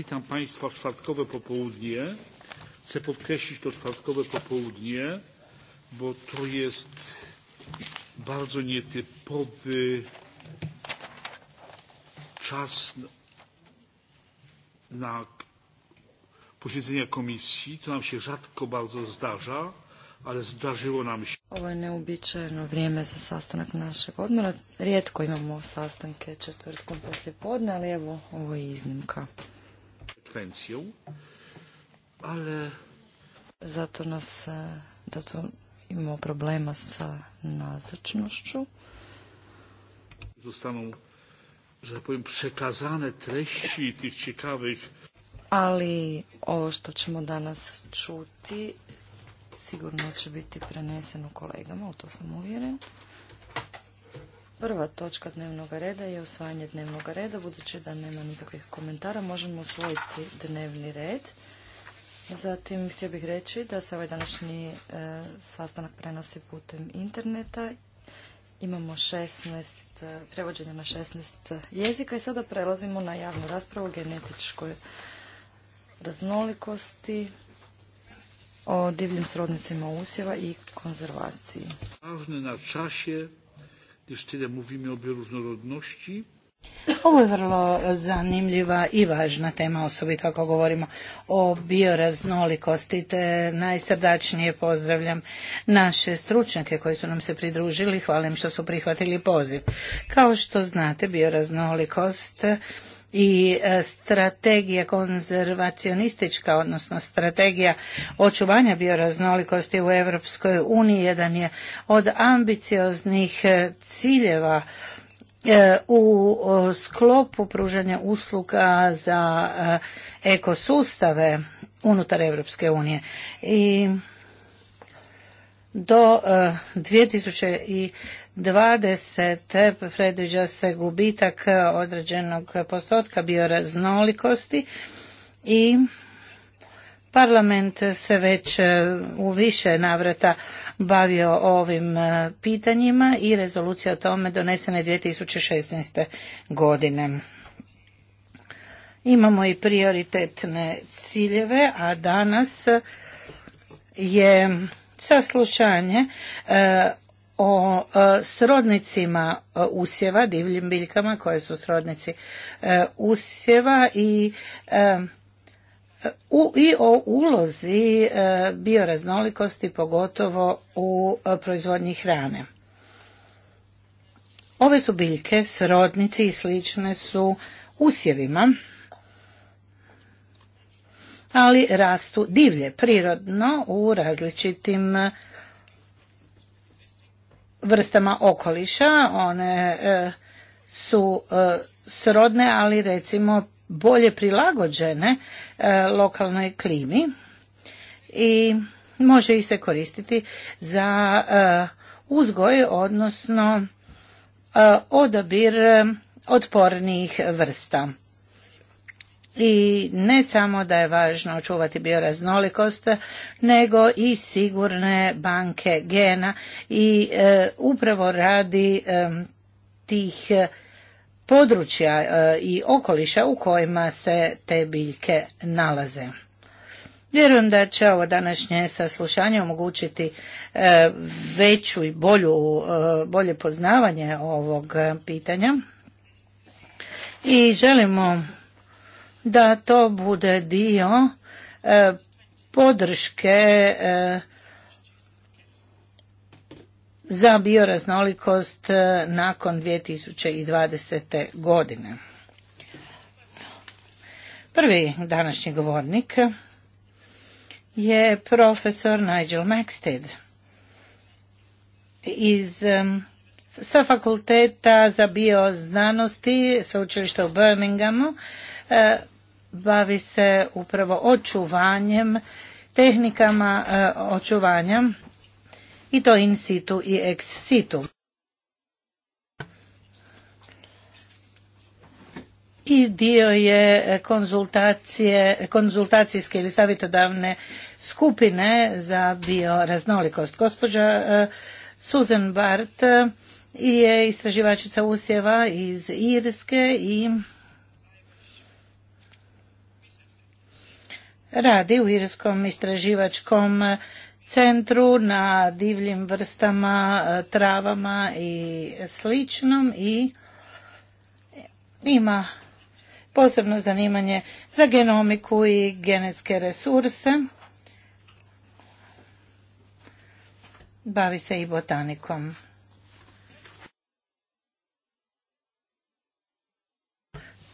witam państwa w czwartkowe popołudnie. chcę podkreślić to czwartkowe popołudnie bo to jest bardzo nietypowy czas na posiedzenia komisji. To nam się rzadko bardzo zdarza, ale zdarzyło nam się. Ovo je neobičajeno vrijeme za sastanak našeg odmora. Rijetko imamo sastanke četvrtkom poslije podne, ali evo, ovo je iznimka frekwencją, ale... Za to nas, e, za to imamo problema z nazočnošću. Zostaną, że tak powiem, przekazane treści tych ciekawych... Ali ovo što ćemo danas čuti sigurno će biti preneseno kolegama, u to sam uvjeren. Prva točka dnevnog reda je usvajanje dnevnog reda. Budući da nema nikakvih komentara, možemo usvojiti dnevni red. Zatim htio bih reći da se ovaj današnji e, sastanak prenosi putem interneta. Imamo 16, e, prevođenje na 16 jezika i sada prelazimo na javnu raspravu o genetičkoj raznolikosti, o divljim srodnicima usjeva i konzervaciji. Važno na ovo je vrlo zanimljiva i važna tema, osobito ako govorimo o bioraznolikosti, te najsrdačnije pozdravljam naše stručnjake koji su nam se pridružili, hvalim što su prihvatili poziv. Kao što znate, bioraznolikost i e, strategija konzervacionistička, odnosno strategija očuvanja bioraznolikosti u Europskoj uniji jedan je od ambicioznih e, ciljeva e, u sklopu pružanja usluga za ekosustave unutar Europske unije. I do 2020. 20. predviđa se gubitak e, određenog postotka bioraznolikosti i parlament se već e, u više navrata bavio ovim e, pitanjima i rezolucija o tome donesena je 2016. godine. Imamo i prioritetne ciljeve, a danas je saslušanje o e, srodnicima e, usjeva, divljim biljkama koje su srodnici e, usjeva i i o ulozi bioraznolikosti, pogotovo u proizvodnji hrane. Ove su biljke, srodnici i slične su usjevima, ali rastu divlje, prirodno u različitim vrstama okoliša, one e, su e, srodne, ali recimo bolje prilagođene e, lokalnoj klimi i može ih se koristiti za uzgoj, odnosno odabir otpornijih vrsta i ne samo da je važno očuvati bioraznolikost, nego i sigurne banke gena i e, upravo radi e, tih e, područja i okoliša u kojima se te biljke nalaze. Vjerujem da će ovo današnje saslušanje omogućiti veću i bolju, bolje poznavanje ovog pitanja. I želimo da to bude dio e, podrške e, za bioraznolikost e, nakon 2020. godine. Prvi današnji govornik je profesor Nigel Maxted iz sa fakulteta za bioznanosti sveučilišta u Birminghamu bavi se upravo očuvanjem, tehnikama e, očuvanja i to in situ i ex situ. i dio je konzultacije, konzultacijske ili savjetodavne skupine za bioraznolikost. Gospođa e, Susan Bart je istraživačica usjeva iz Irske i radi u Irskom istraživačkom centru na divljim vrstama, e, travama i sličnom i ima posebno zanimanje za genomiku i genetske resurse. Bavi se i botanikom.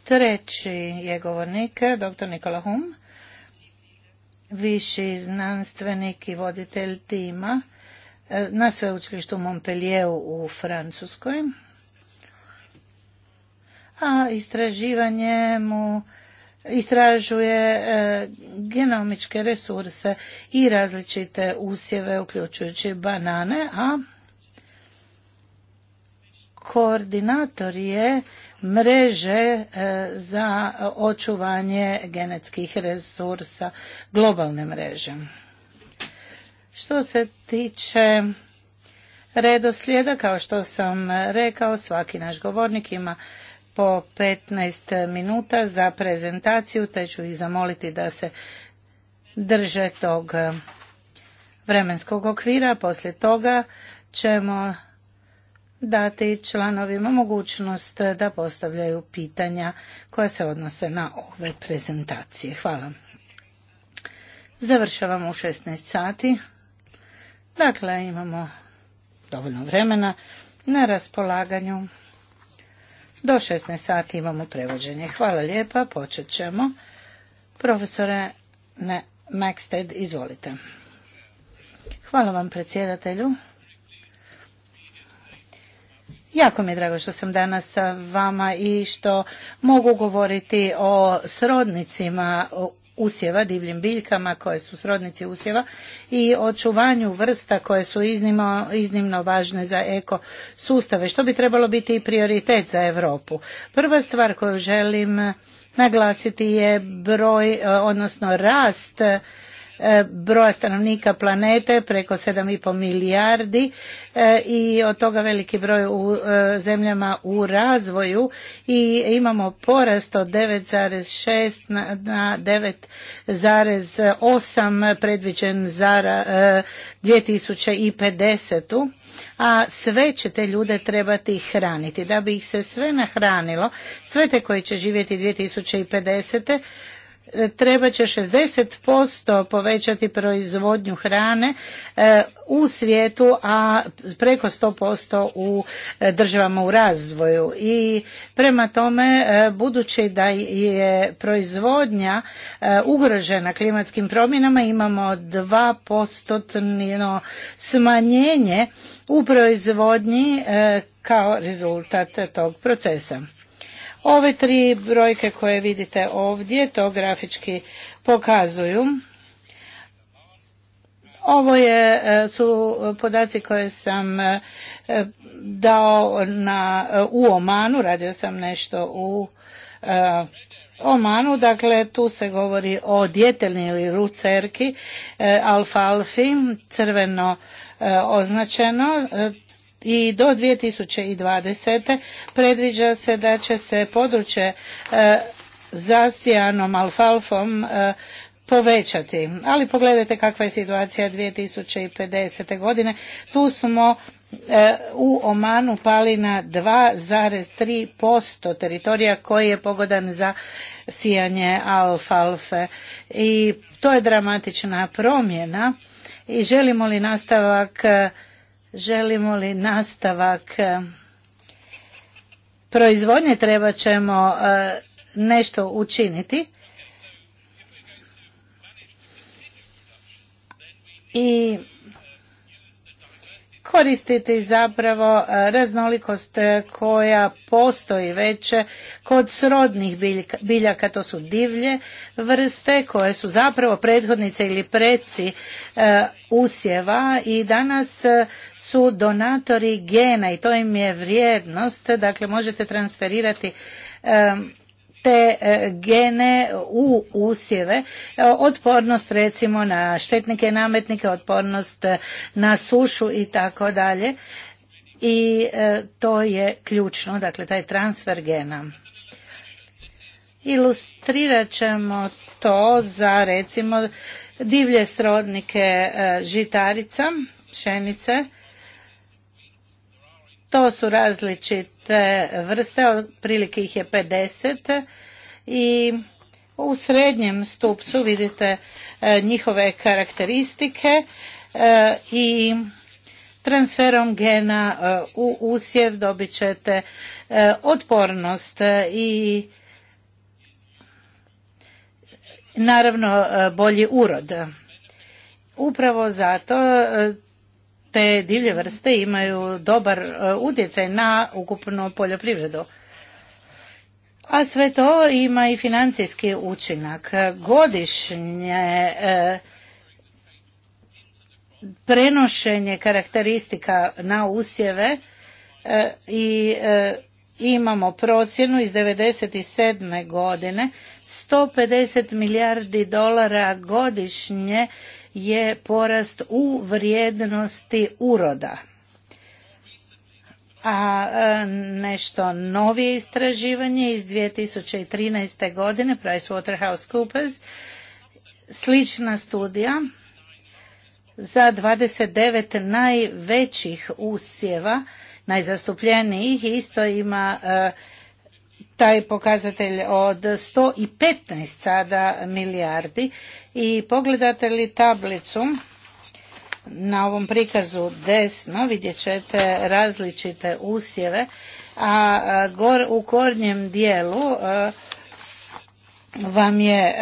Treći je govornik, dr. Nikola Hum viši znanstvenik i voditelj tima e, na sveučilištu Montpellier u Francuskoj. A istraživanje mu istražuje e, genomičke resurse i različite usjeve, uključujući banane, a koordinator je mreže e, za očuvanje genetskih resursa, globalne mreže. Što se tiče redoslijeda, kao što sam rekao, svaki naš govornik ima po 15 minuta za prezentaciju, te ću ih zamoliti da se drže tog vremenskog okvira. Poslije toga ćemo dati članovima mogućnost da postavljaju pitanja koja se odnose na ove prezentacije. Hvala. Završavamo u 16 sati. Dakle, imamo dovoljno vremena na raspolaganju. Do 16 sati imamo prevođenje. Hvala lijepa, počet ćemo. Profesore Maxted, izvolite. Hvala vam predsjedatelju. Jako mi je drago što sam danas sa vama i što mogu govoriti o srodnicima usjeva, divljim biljkama koje su srodnici usjeva i očuvanju vrsta koje su iznimno, iznimno važne za eko sustave, što bi trebalo biti i prioritet za Europu. Prva stvar koju želim naglasiti je broj, odnosno rast E, broja stanovnika planete, preko 7,5 milijardi e, i od toga veliki broj u e, zemljama u razvoju i imamo porast od 9,6 na 9,8 predviđen za 2050. A sve će te ljude trebati hraniti. Da bi ih se sve nahranilo, sve te koji će živjeti 2050 treba će 60% povećati proizvodnju hrane e, u svijetu, a preko 100% u e, državama u razvoju. I prema tome, e, budući da je proizvodnja ugrožena klimatskim promjenama, imamo 2% smanjenje u proizvodnji kao rezultat tog procesa. Ove tri brojke koje vidite ovdje to grafički pokazuju. Ovo je, e, su podaci koje sam e, dao na, e, u Omanu, radio sam nešto u Omanu, dakle tu se govori o djetelni ili rucerki, alfalfi, crveno uh, označeno, i do 2020. predviđa se da će se područje e, zasijanom alfalfom e, povećati. Ali pogledajte kakva je situacija 2050. godine. Tu smo e, u Omanu pali na 2,3% teritorija koji je pogodan za sijanje alfalfe. I to je dramatična promjena i želimo li nastavak želimo li nastavak e, proizvodnje treba ćemo e, nešto učiniti i koristiti zapravo e, raznolikost e, koja postoji već kod srodnih biljaka, to su divlje vrste koje su zapravo prethodnice ili preci e, usjeva i danas su donatori gena i to im je vrijednost, dakle možete transferirati te e, gene u usjeve, e, otpornost recimo na štetnike nametnike, otpornost e, na sušu i tako dalje. I to je ključno, dakle taj transfer gena. Ilustrirat ćemo to za recimo divlje srodnike žitarica, pšenice. To su različite. Te vrste, otprilike ih je 50 i u srednjem stupcu vidite e, njihove karakteristike e, i transferom gena e, u usjev dobit ćete otpornost i naravno bolji urod. Upravo zato te divlje vrste imaju dobar e, utjecaj na ukupnu poljoprivredu. A sve to ima i financijski učinak. Godišnje e, prenošenje karakteristika na usjeve e, i imamo procjenu iz 1997. godine 150 milijardi dolara godišnje je porast u vrijednosti uroda a e, nešto novije istraživanje iz 2013. godine PricewaterhouseCoopers slična studija za 29 najvećih usjeva najzastupljenijih isto ima e, taj pokazatelj od 115 sada milijardi i pogledate li tablicu na ovom prikazu desno vidjet ćete različite usjeve a gor, u kornjem dijelu vam je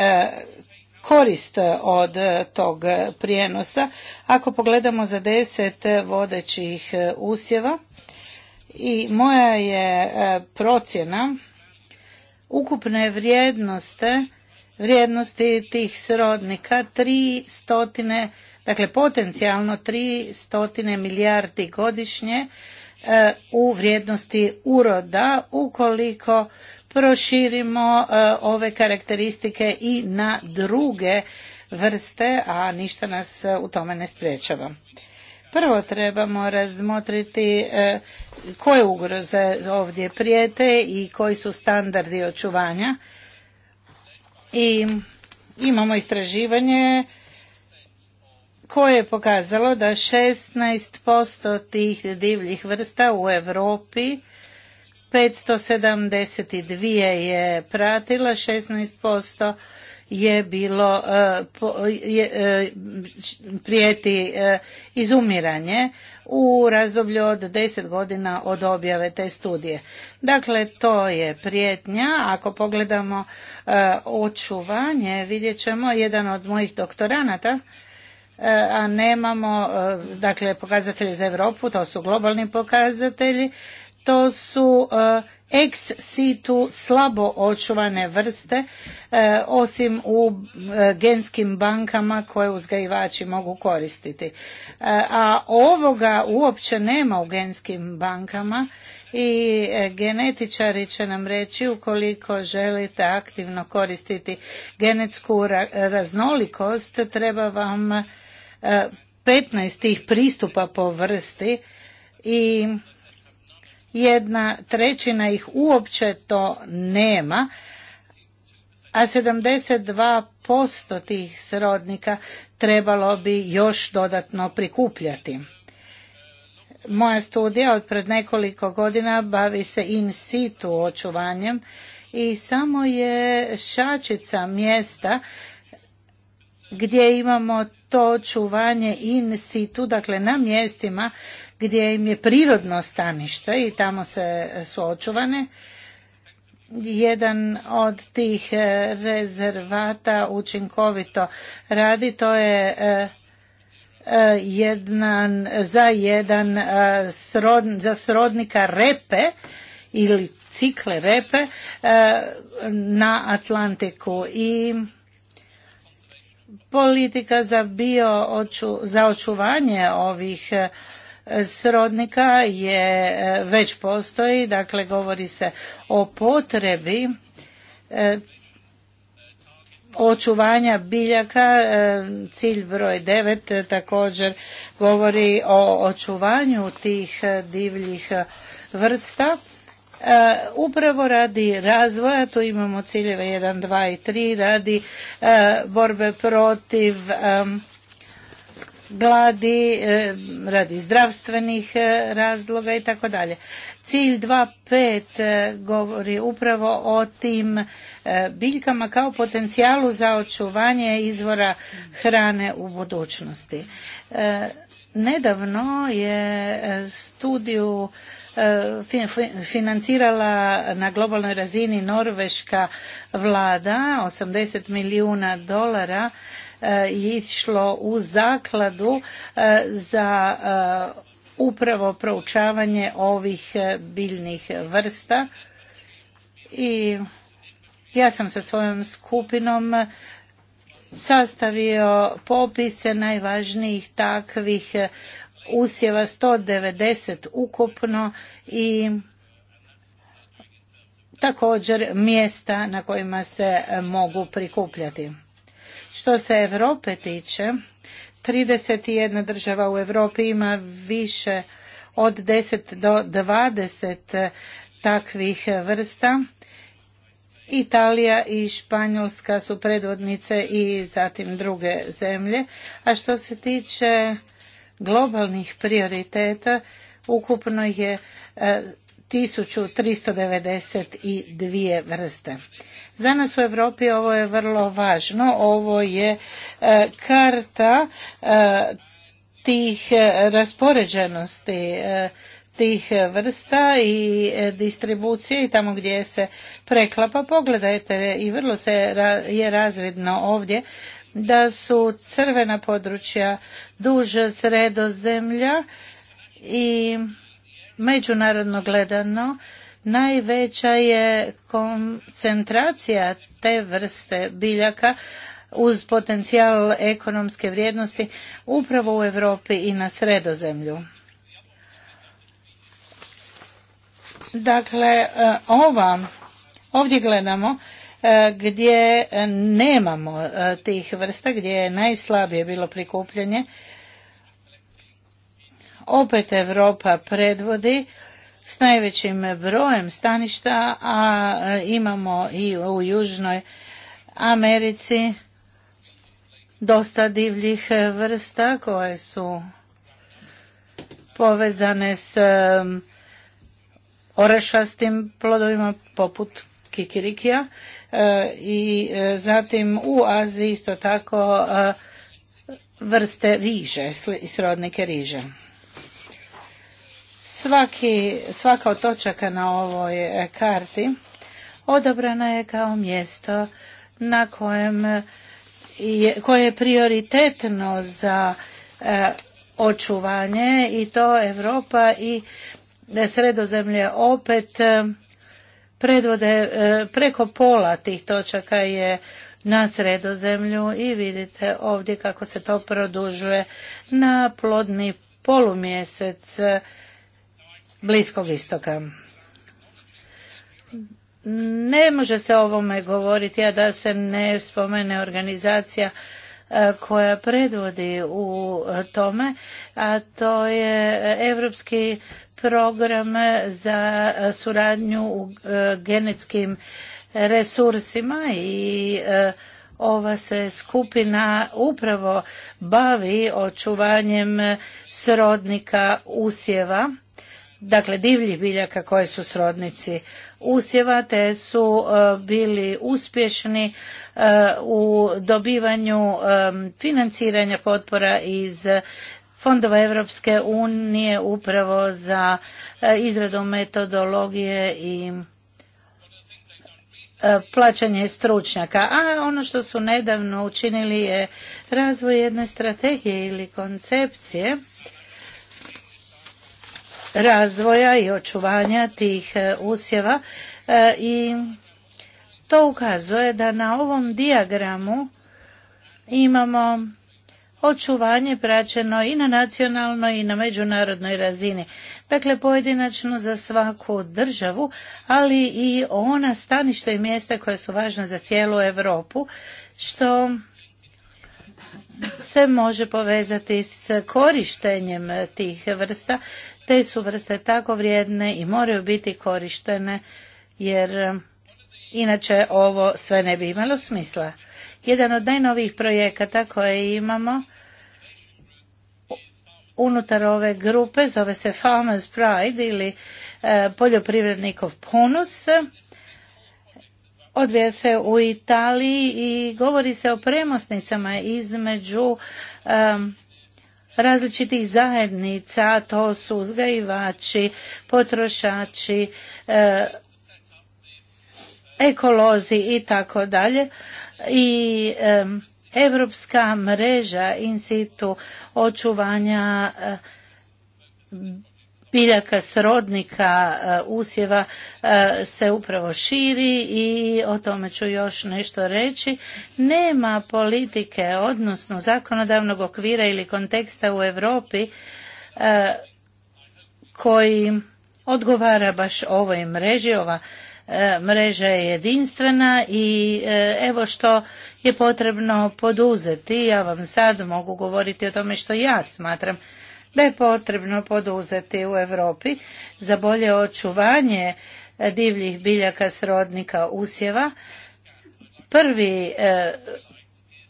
korist od tog prijenosa. Ako pogledamo za deset vodećih usjeva i moja je procjena ukupne vrijednosti vrijednosti tih srodnika stotine, dakle potencijalno tri stotine milijardi godišnje e, u vrijednosti uroda ukoliko proširimo e, ove karakteristike i na druge vrste, a ništa nas u tome ne sprječava. Prvo trebamo razmotriti e, koje ugroze ovdje prijete i koji su standardi očuvanja. I imamo istraživanje koje je pokazalo da 16% tih divljih vrsta u Europi 572 je pratila, 16% je bilo e, e, prijeti e, izumiranje u razdoblju od 10 godina od objave te studije. Dakle, to je prijetnja. Ako pogledamo očuvanje, vidjet ćemo jedan od mojih doktoranata, a nemamo dakle pokazatelje za Europu, to su globalni pokazatelji to su e, ex situ slabo očuvane vrste, e, osim u e, genskim bankama koje uzgajivači mogu koristiti. A ovoga uopće nema u genskim bankama i genetičari će nam reći ukoliko želite aktivno koristiti genetsku raznolikost, treba vam 15 tih pristupa po vrsti i jedna trećina ih uopće to nema, a 72% tih srodnika trebalo bi još dodatno prikupljati. Moja studija od pred nekoliko godina bavi se in situ očuvanjem i samo je šačica mjesta gdje imamo to očuvanje in situ, dakle na mjestima gdje im je prirodno stanište i tamo se su očuvane. Jedan od tih e, rezervata učinkovito radi, to je e, e, jedan, za jedan za srodnika repe ili cikle repe na Atlantiku i politika za bio oču, za očuvanje ovih srodnika je e, već postoji, dakle govori se o potrebi e, očuvanja biljaka, e, cilj broj 9 također govori o očuvanju tih divljih vrsta. Upravo radi razvoja, tu imamo ciljeve 1, 2 i 3, radi borbe protiv gladi, e, radi zdravstvenih e, razloga i tako dalje. Cilj 2.5 e, govori upravo o tim biljkama kao potencijalu za očuvanje izvora hrane u budućnosti. Nedavno je studiju financirala na globalnoj razini norveška vlada 80 milijuna dolara E, išlo u zakladu e, za e, upravo proučavanje ovih biljnih vrsta i ja sam sa svojom skupinom sastavio popise najvažnijih takvih usjeva 190 ukupno i također mjesta na kojima se mogu prikupljati. Što se Europe tiče, 31 država u Europi ima više od 10 do 20 takvih vrsta. Italija i Španjolska su predvodnice i zatim druge zemlje. A što se tiče globalnih prioriteta, ukupno je 1392 e, vrste. Za nas u Europi ovo je vrlo važno. Ovo je e, karta e, tih e, raspoređenosti tih vrsta i distribucije i tamo gdje se preklapa. Pogledajte i vrlo se je razvidno ovdje da su crvena područja duž sredozemlja i međunarodno gledano najveća je koncentracija te vrste biljaka uz potencijal ekonomske vrijednosti upravo u Europi i na sredozemlju. Dakle, e, ova, ovdje gledamo e, gdje nemamo e, tih vrsta, gdje je najslabije bilo prikupljanje. Opet Europa predvodi, s najvećim brojem staništa, a e, imamo i u Južnoj Americi dosta divljih e, vrsta koje su povezane s e, orešastim plodovima poput kikirikija i zatim u Aziji isto tako vrste riže, srodnike riže svaka od točaka na ovoj e, karti odabrana je kao mjesto na kojem je, koje je prioritetno za e, očuvanje i to Europa i sredozemlje opet e, predvode preko pola tih točaka je na sredozemlju i vidite ovdje kako se to produžuje na plodni polumjesec Bliskog istoka. Ne može se ovome govoriti, a da se ne spomene organizacija e, koja predvodi u e, tome, a to je Europski program za e, suradnju u genetskim resursima i ova se skupina upravo bavi očuvanjem srodnika usjeva dakle divljih biljaka koje su srodnici usjeva te su e, bili uspješni e, u dobivanju e, financiranja potpora iz fondova Europske unije upravo za izradu metodologije i plaćanje stručnjaka. A ono što su nedavno učinili je razvoj jedne strategije ili koncepcije razvoja i očuvanja tih e, usjeva e, i to ukazuje da na ovom dijagramu imamo očuvanje praćeno i na nacionalnoj i na međunarodnoj razini. Dakle, pojedinačno za svaku državu, ali i ona staništa i mjesta koja su važna za cijelu Europu, što se može povezati s korištenjem tih vrsta te su vrste tako vrijedne i moraju biti korištene jer eh, inače ovo sve ne bi imalo smisla. Jedan od najnovijih projekata koje imamo unutar ove grupe zove se Farmers Pride ili eh, poljoprivrednikov ponos. Odvija se u Italiji i govori se o premosnicama između eh, različitih zajednica, to su uzgajivači, potrošači, e, ekolozi i tako dalje. I Europska mreža in situ očuvanja e, biljaka srodnika e, usjeva e, se upravo širi i o tome ću još nešto reći. Nema politike, odnosno zakonodavnog okvira ili konteksta u Europi e, koji odgovara baš ovoj mreži, ova mreža je jedinstvena i evo što je potrebno poduzeti. Ja vam sad mogu govoriti o tome što ja smatram da je potrebno poduzeti u Europi za bolje očuvanje divljih biljaka srodnika usjeva. Prvi e,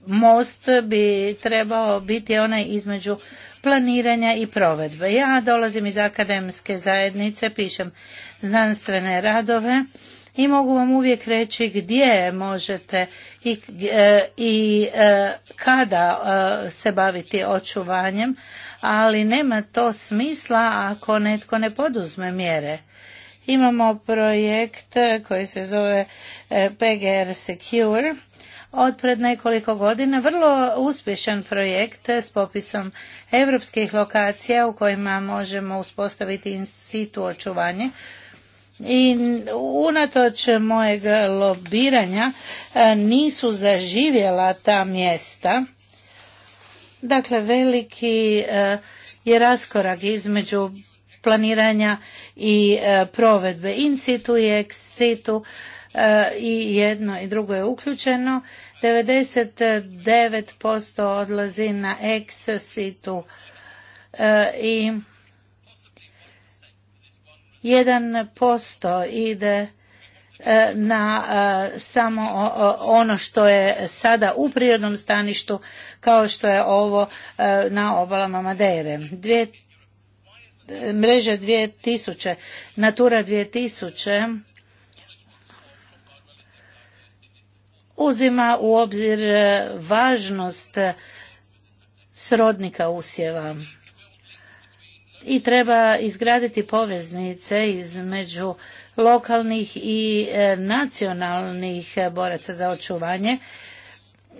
most bi trebao biti onaj između planiranja i provedbe. Ja dolazim iz akademske zajednice, pišem znanstvene radove i mogu vam uvijek reći gdje možete i, e, i e, kada se baviti očuvanjem, ali nema to smisla ako netko ne poduzme mjere. Imamo projekt koji se zove e, PGR Secure od pred nekoliko godina, vrlo uspješan projekt s popisom europskih lokacija u kojima možemo uspostaviti institu očuvanje i unatoč mojeg lobiranja e, nisu zaživjela ta mjesta Dakle, veliki e, je raskorak između planiranja i e, provedbe in situ i ex situ e, i jedno i drugo je uključeno. 99% odlazi na ex situ i 1% ide E, na e, samo ono što je sada u prirodnom staništu kao što je ovo e, na obalama Madeire. Dvije, mreža 2000, Natura 2000 uzima u obzir važnost srodnika usjeva i treba izgraditi poveznice između lokalnih i e, nacionalnih boraca za očuvanje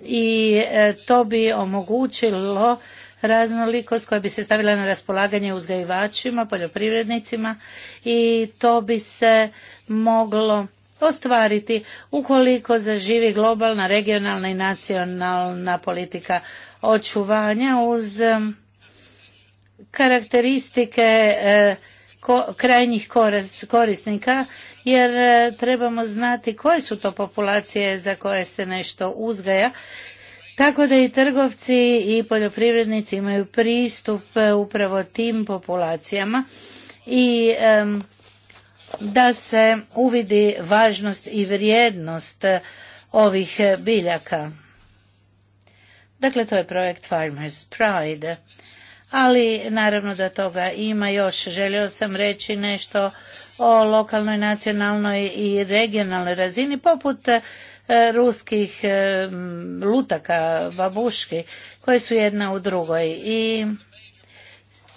i e, to bi omogućilo raznolikost koja bi se stavila na raspolaganje uzgajivačima, poljoprivrednicima i to bi se moglo ostvariti ukoliko zaživi globalna, regionalna i nacionalna politika očuvanja uz karakteristike e, krajnjih korisnika jer e, trebamo znati koje su to populacije za koje se nešto uzgaja tako da i trgovci i poljoprivrednici imaju pristup e, upravo tim populacijama i da se uvidi važnost i vrijednost ovih biljaka. Dakle, to je projekt Farmers Pride ali naravno da toga ima još. Želio sam reći nešto o lokalnoj, nacionalnoj i regionalnoj razini, poput e, ruskih e, lutaka, babuški, koje su jedna u drugoj. I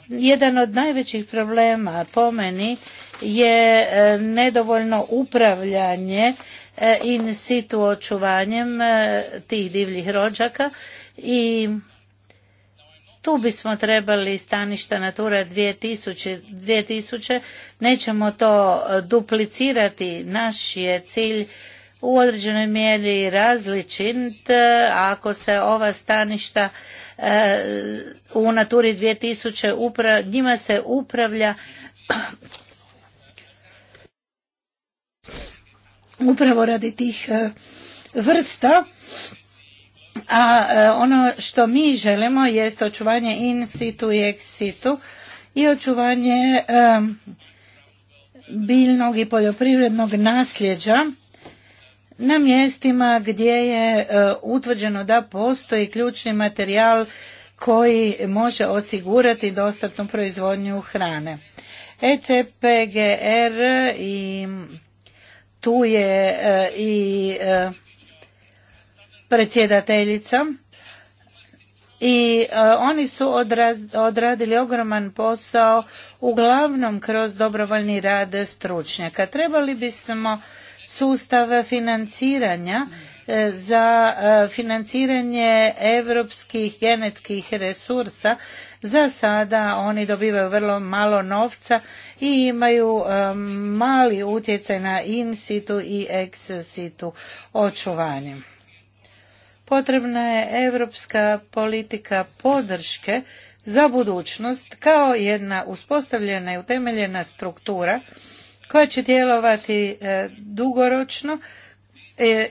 jedan od najvećih problema po meni je e, nedovoljno upravljanje in situ očuvanjem tih divljih rođaka i tu bismo trebali staništa Natura 2000, 2000, nećemo to e, duplicirati, naš je cilj u određenoj mjeri različit e, ako se ova staništa e, u Naturi 2000 njima se upravlja upravo radi tih vrsta a e, ono što mi želimo jest očuvanje in situ i ex situ i očuvanje e, biljnog i poljoprivrednog nasljeđa na mjestima gdje je e, utvrđeno da postoji ključni materijal koji može osigurati dostatnu proizvodnju hrane. ECPGR i tu je i predsjedateljica i e, oni su odradili ogroman posao uglavnom kroz dobrovoljni rad stručnjaka. Trebali bismo sustav financiranja e, za e, financiranje europskih genetskih resursa. Za sada oni dobivaju vrlo malo novca i imaju mali utjecaj na in situ i ex situ očuvanjem potrebna je europska politika podrške za budućnost kao jedna uspostavljena i utemeljena struktura koja će djelovati e, dugoročno e,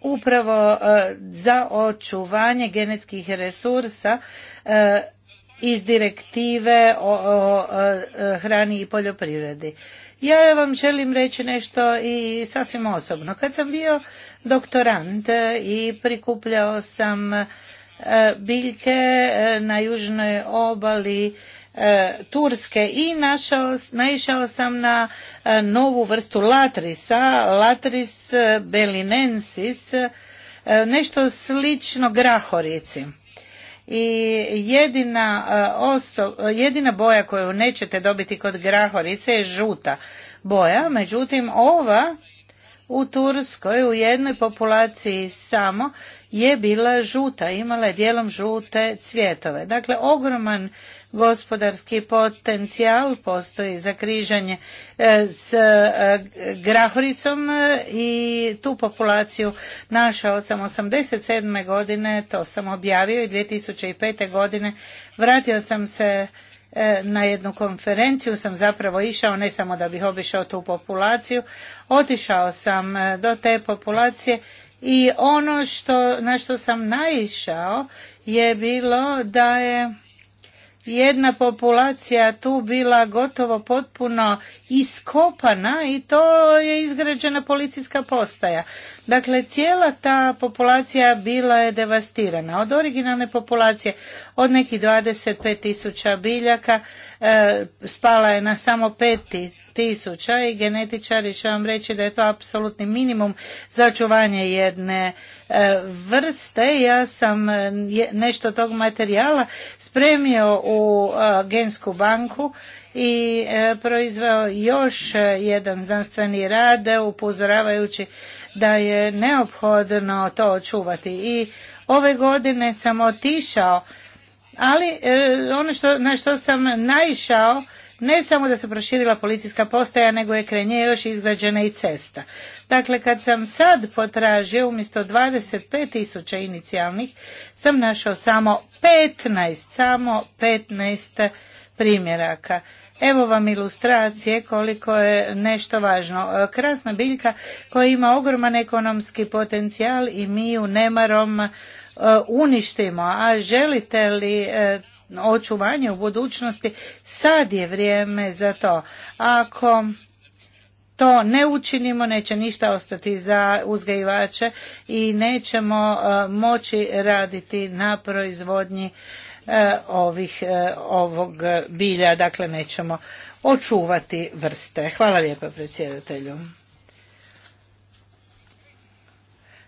upravo e, za očuvanje genetskih resursa iz direktive o hrani i poljoprivredi. Ja vam želim reći nešto i sasvim osobno. Kad sam bio doktorant e, i prikupljao sam e, biljke e, na južnoj obali Turske i našao, naišao sam na novu vrstu latrisa, latris belinensis, nešto slično grahorici i jedina, e, oso, jedina boja koju nećete dobiti kod grahorice je žuta boja, međutim ova u Turskoj u jednoj populaciji samo je bila žuta, imala je dijelom žute cvjetove. Dakle, ogroman gospodarski potencijal postoji za križanje e, s e, grahoricom e, i tu populaciju našao sam 87. godine, to sam objavio i 2005. godine vratio sam se na jednu konferenciju sam zapravo išao, ne samo da bih obišao tu populaciju, otišao sam do te populacije i ono što, na što sam naišao je bilo da je jedna populacija tu bila gotovo potpuno iskopana i to je izgrađena policijska postaja. Dakle, cijela ta populacija bila je devastirana. Od originalne populacije, od nekih 25 tisuća biljaka, E, spala je na samo 5000 i genetičari će vam reći da je to apsolutni minimum za očuvanje jedne e, vrste. Ja sam e, nešto tog materijala spremio u gensku banku i proizveo još jedan znanstveni rad upozoravajući da je neophodno to očuvati. I ove godine sam otišao ali e, ono što, na što sam naišao ne samo da se proširila policijska postaja, nego je krenje još izgrađena i cesta. Dakle, kad sam sad potražio umjesto 25.000 tisuća inicijalnih, sam našao samo 15, samo 15 primjeraka. Evo vam ilustracije koliko je nešto važno. E, krasna biljka koja ima ogroman ekonomski potencijal i mi ju nemarom E, uništimo, a želite li e, očuvanje u budućnosti, sad je vrijeme za to. Ako to ne učinimo, neće ništa ostati za uzgajivače i nećemo e, moći raditi na proizvodnji ovih, ovog bilja, dakle nećemo očuvati vrste. Hvala lijepo predsjedatelju.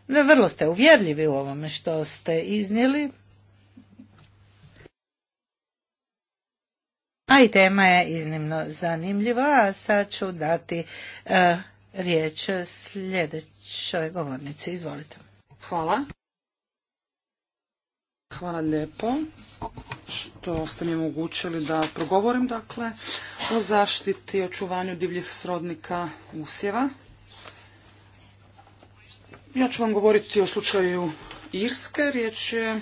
Ne, vrlo ste uvjerljivi u ovome što ste iznijeli. A i tema je iznimno zanimljiva, a sad ću dati e, riječ sljedećoj govornici. Izvolite. Hvala. Hvala lijepo što ste mi omogućili da progovorim dakle o zaštiti i očuvanju divljih srodnika usjeva. Ja ću vam govoriti o slučaju Irske. Riječ je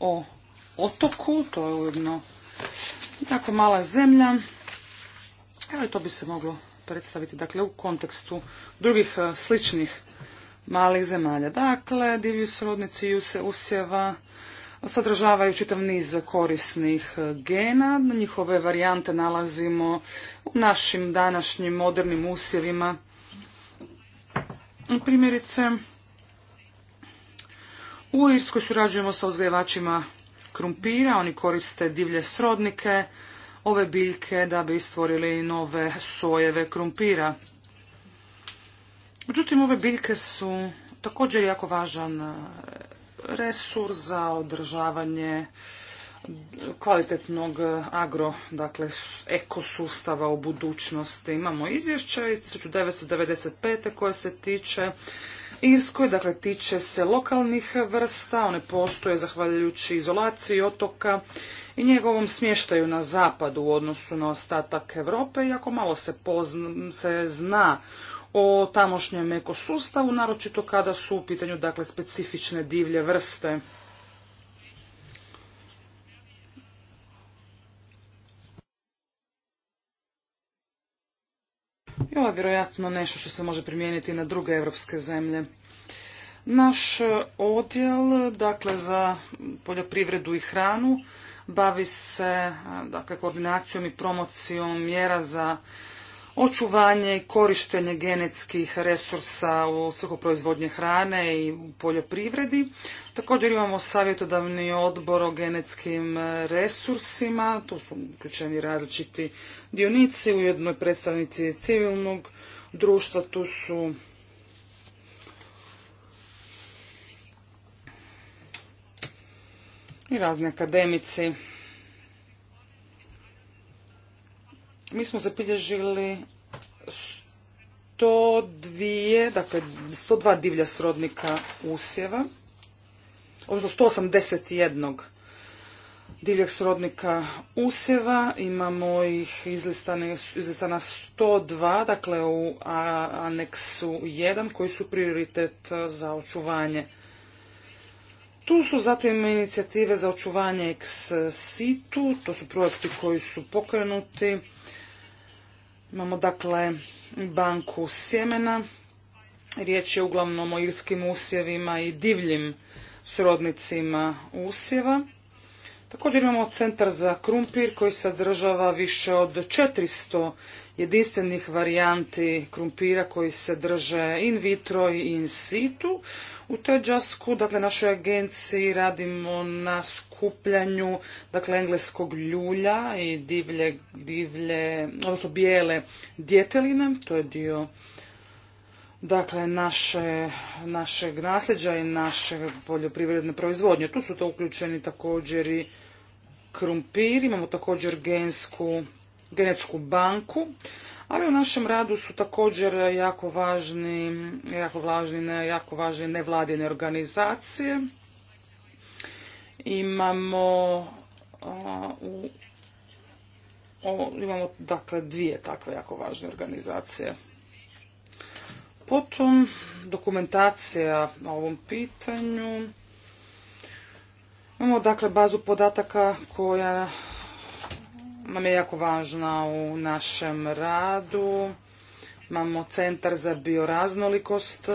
o otoku, to je ujedno tako mala zemlja, ali to bi se moglo predstaviti dakle, u kontekstu drugih e, sličnih malih zemalja. Dakle, divlju srodnici ju se usjeva sadržavaju čitav niz korisnih e, gena. Njihove varijante nalazimo u našim današnjim modernim usjevima. Primjerice, u Irskoj surađujemo sa uzgajivačima krumpira, oni koriste divlje srodnike, ove biljke da bi stvorili nove sojeve krumpira. Međutim, ove biljke su također jako važan e, resurs za održavanje kvalitetnog agro, dakle ekosustava u budućnosti. Imamo izvješće iz 1995. koje se tiče Irskoj, dakle tiče se lokalnih vrsta, one postoje zahvaljujući izolaciji otoka i njegovom smještaju na zapadu u odnosu na ostatak Europe, iako malo se, se zna o tamošnjem ekosustavu, naročito kada su u pitanju dakle, specifične divlje vrste. I ovo je vjerojatno nešto što se može primijeniti na druge evropske zemlje. Naš odjel, dakle, za poljoprivredu i hranu bavi se, dakle, koordinacijom i promocijom mjera za očuvanje i korištenje genetskih resursa u svrhu proizvodnje hrane i u poljoprivredi. Također imamo savjetodavni odbor o genetskim resursima, tu su uključeni različiti dionici, u jednoj predstavnici civilnog društva, tu su i razni akademici. mi smo zabilježili 102, dakle 102 divlja srodnika usjeva, odnosno 181 divljeg srodnika usjeva, imamo ih izlistana 102, dakle u aneksu 1, koji su prioritet za očuvanje. Tu su zatim inicijative za očuvanje ex situ, to su projekti koji su pokrenuti Imamo dakle banku sjemena. Riječ je uglavnom o irskim usjevima i divljim srodnicima usjeva. Također imamo centar za krumpir koji sadržava više od 400 jedinstvenih varijanti krumpira koji se drže in vitro i in situ. U toj dakle našoj agenciji radimo na skupljanju dakle engleskog ljulja i divlje, divlje, odnosno bijele djeteline, to je dio dakle naše, našeg nasljeđa i naše poljoprivredne proizvodnje. Tu su to uključeni također i krumpir, imamo također gensku, genetsku banku ali u našem radu su također jako važni, jako važni, jako nevladine organizacije. Imamo imamo dakle dvije takve jako važne organizacije. Potom dokumentacija na ovom pitanju. Imamo dakle bazu podataka koja nam je jako važna u našem radu. Imamo Centar za bioraznolikost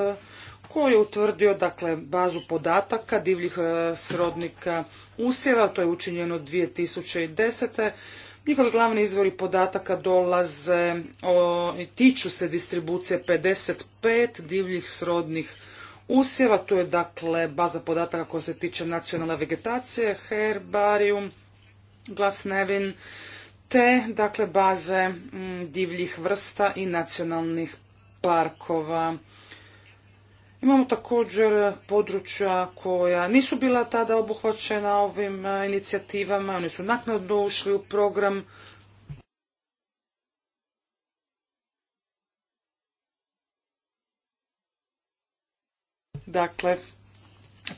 koji je utvrdio dakle, bazu podataka divljih e, srodnika usjeva, to je učinjeno 2010. Njihovi glavni izvori podataka dolaze o, tiču se distribucije 55 divljih srodnih usjeva, tu je dakle baza podataka koja se tiče nacionalne vegetacije, herbarium, glasnevin, te dakle baze mm, divljih vrsta i nacionalnih parkova. Imamo također područja koja nisu bila tada obuhvaćena ovim e, inicijativama, oni su naknadno ušli u program. Dakle,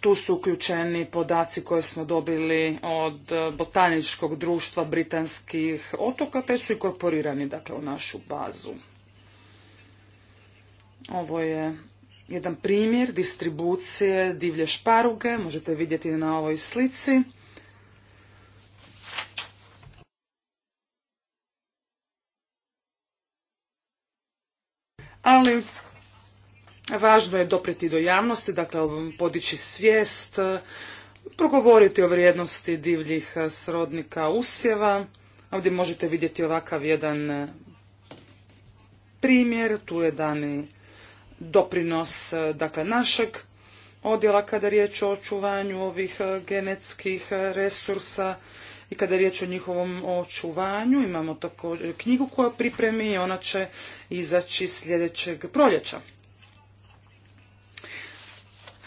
tu su uključeni podaci koje smo dobili od e, Botaničkog društva britanskih otoka, te su inkorporirani dakle, u našu bazu. Ovo je jedan primjer distribucije divlje šparuge, možete vidjeti na ovoj slici. Ali Važno je dopreti do javnosti, dakle podići svijest, progovoriti o vrijednosti divljih e, srodnika usjeva. Ovdje možete vidjeti ovakav jedan e, primjer, tu je dani doprinos e, dakle, našeg odjela kada je riječ o očuvanju ovih genetskih resursa i kada je riječ o njihovom očuvanju. Imamo tako knjigu koja pripremi i ona će izaći sljedećeg proljeća.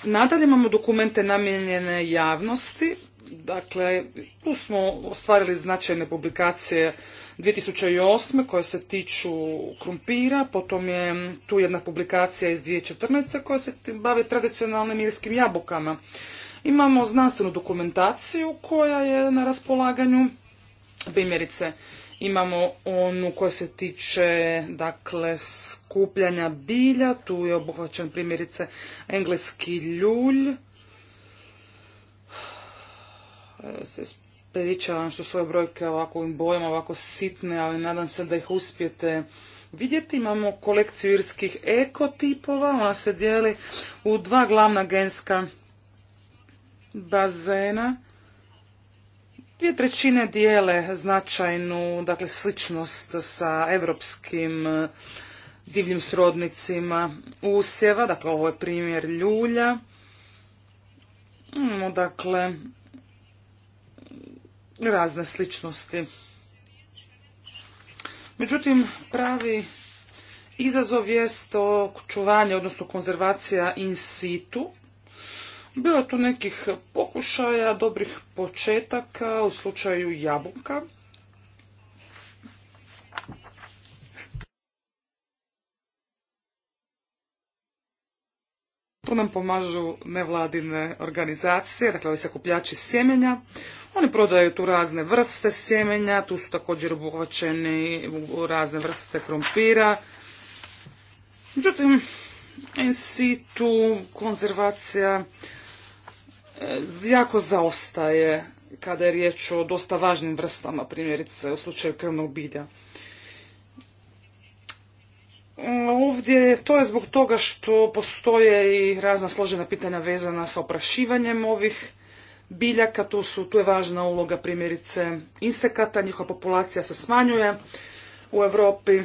Nadalje imamo dokumente namijenjene javnosti, dakle tu smo ostvarili značajne publikacije 2008. koje se tiču krumpira, potom je tu jedna publikacija iz 2014. koja se bave tradicionalnim irskim jabukama. Imamo znanstvenu dokumentaciju koja je na raspolaganju primjerice Imamo onu koja se tiče dakle skupljanja bilja, tu je obuhvaćen primjerice engleski ljulj. Se pričavam što su ove brojke ovako u bojama, ovako sitne, ali nadam se da ih uspijete vidjeti. Imamo kolekciju irskih ekotipova, ona se dijeli u dva glavna genska bazena. Dvije trećine dijele značajnu, dakle, sličnost sa europskim e, divljim srodnicima usjeva, dakle, ovo je primjer ljulja. Imamo, dakle, razne sličnosti. Međutim, pravi izazov jest očuvanje, odnosno konzervacija in situ, bilo je tu nekih pokušaja, dobrih početaka u slučaju jabuka. Tu nam pomažu nevladine organizacije, dakle ovi sakupljači sjemenja. Oni prodaju tu razne vrste sjemenja, tu su također obuhvaćeni razne vrste krompira. Međutim, in situ konzervacija jako zaostaje kada je riječ o dosta važnim vrstama, primjerice u slučaju krvnog bilja. Ovdje to je zbog toga što postoje i razna složena pitanja vezana sa oprašivanjem ovih biljaka, tu, su, tu je važna uloga primjerice insekata, njihova populacija se smanjuje u Europi,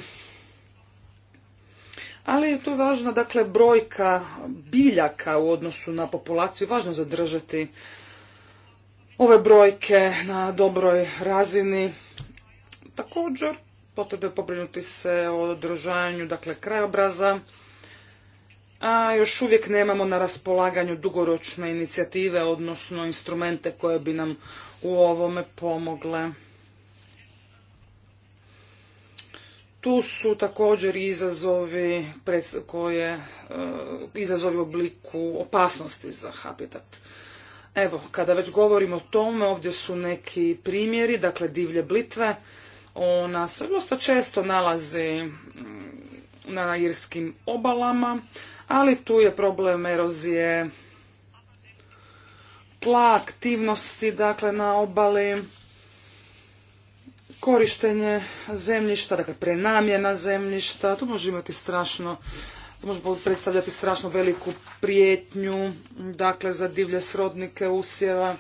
ali tu je važna dakle brojka biljaka u odnosu na populaciju, važno zadržati ove brojke na dobroj razini. Također potrebno je pobrinuti se o održanju dakle krajobraza, a još uvijek nemamo na raspolaganju dugoročne inicijative, odnosno instrumente koje bi nam u ovome pomogle. Tu su također izazovi koje e, izazovi u obliku opasnosti za habitat. Evo, kada već govorimo o tome, ovdje su neki primjeri, dakle divlje blitve. Ona se dosta često nalazi mm, na irskim obalama, ali tu je problem erozije tla, aktivnosti, dakle na obali korištenje zemljišta, dakle prenamjena zemljišta, to može imati strašno, to može predstavljati strašno veliku prijetnju, dakle za divlje srodnike usjeva.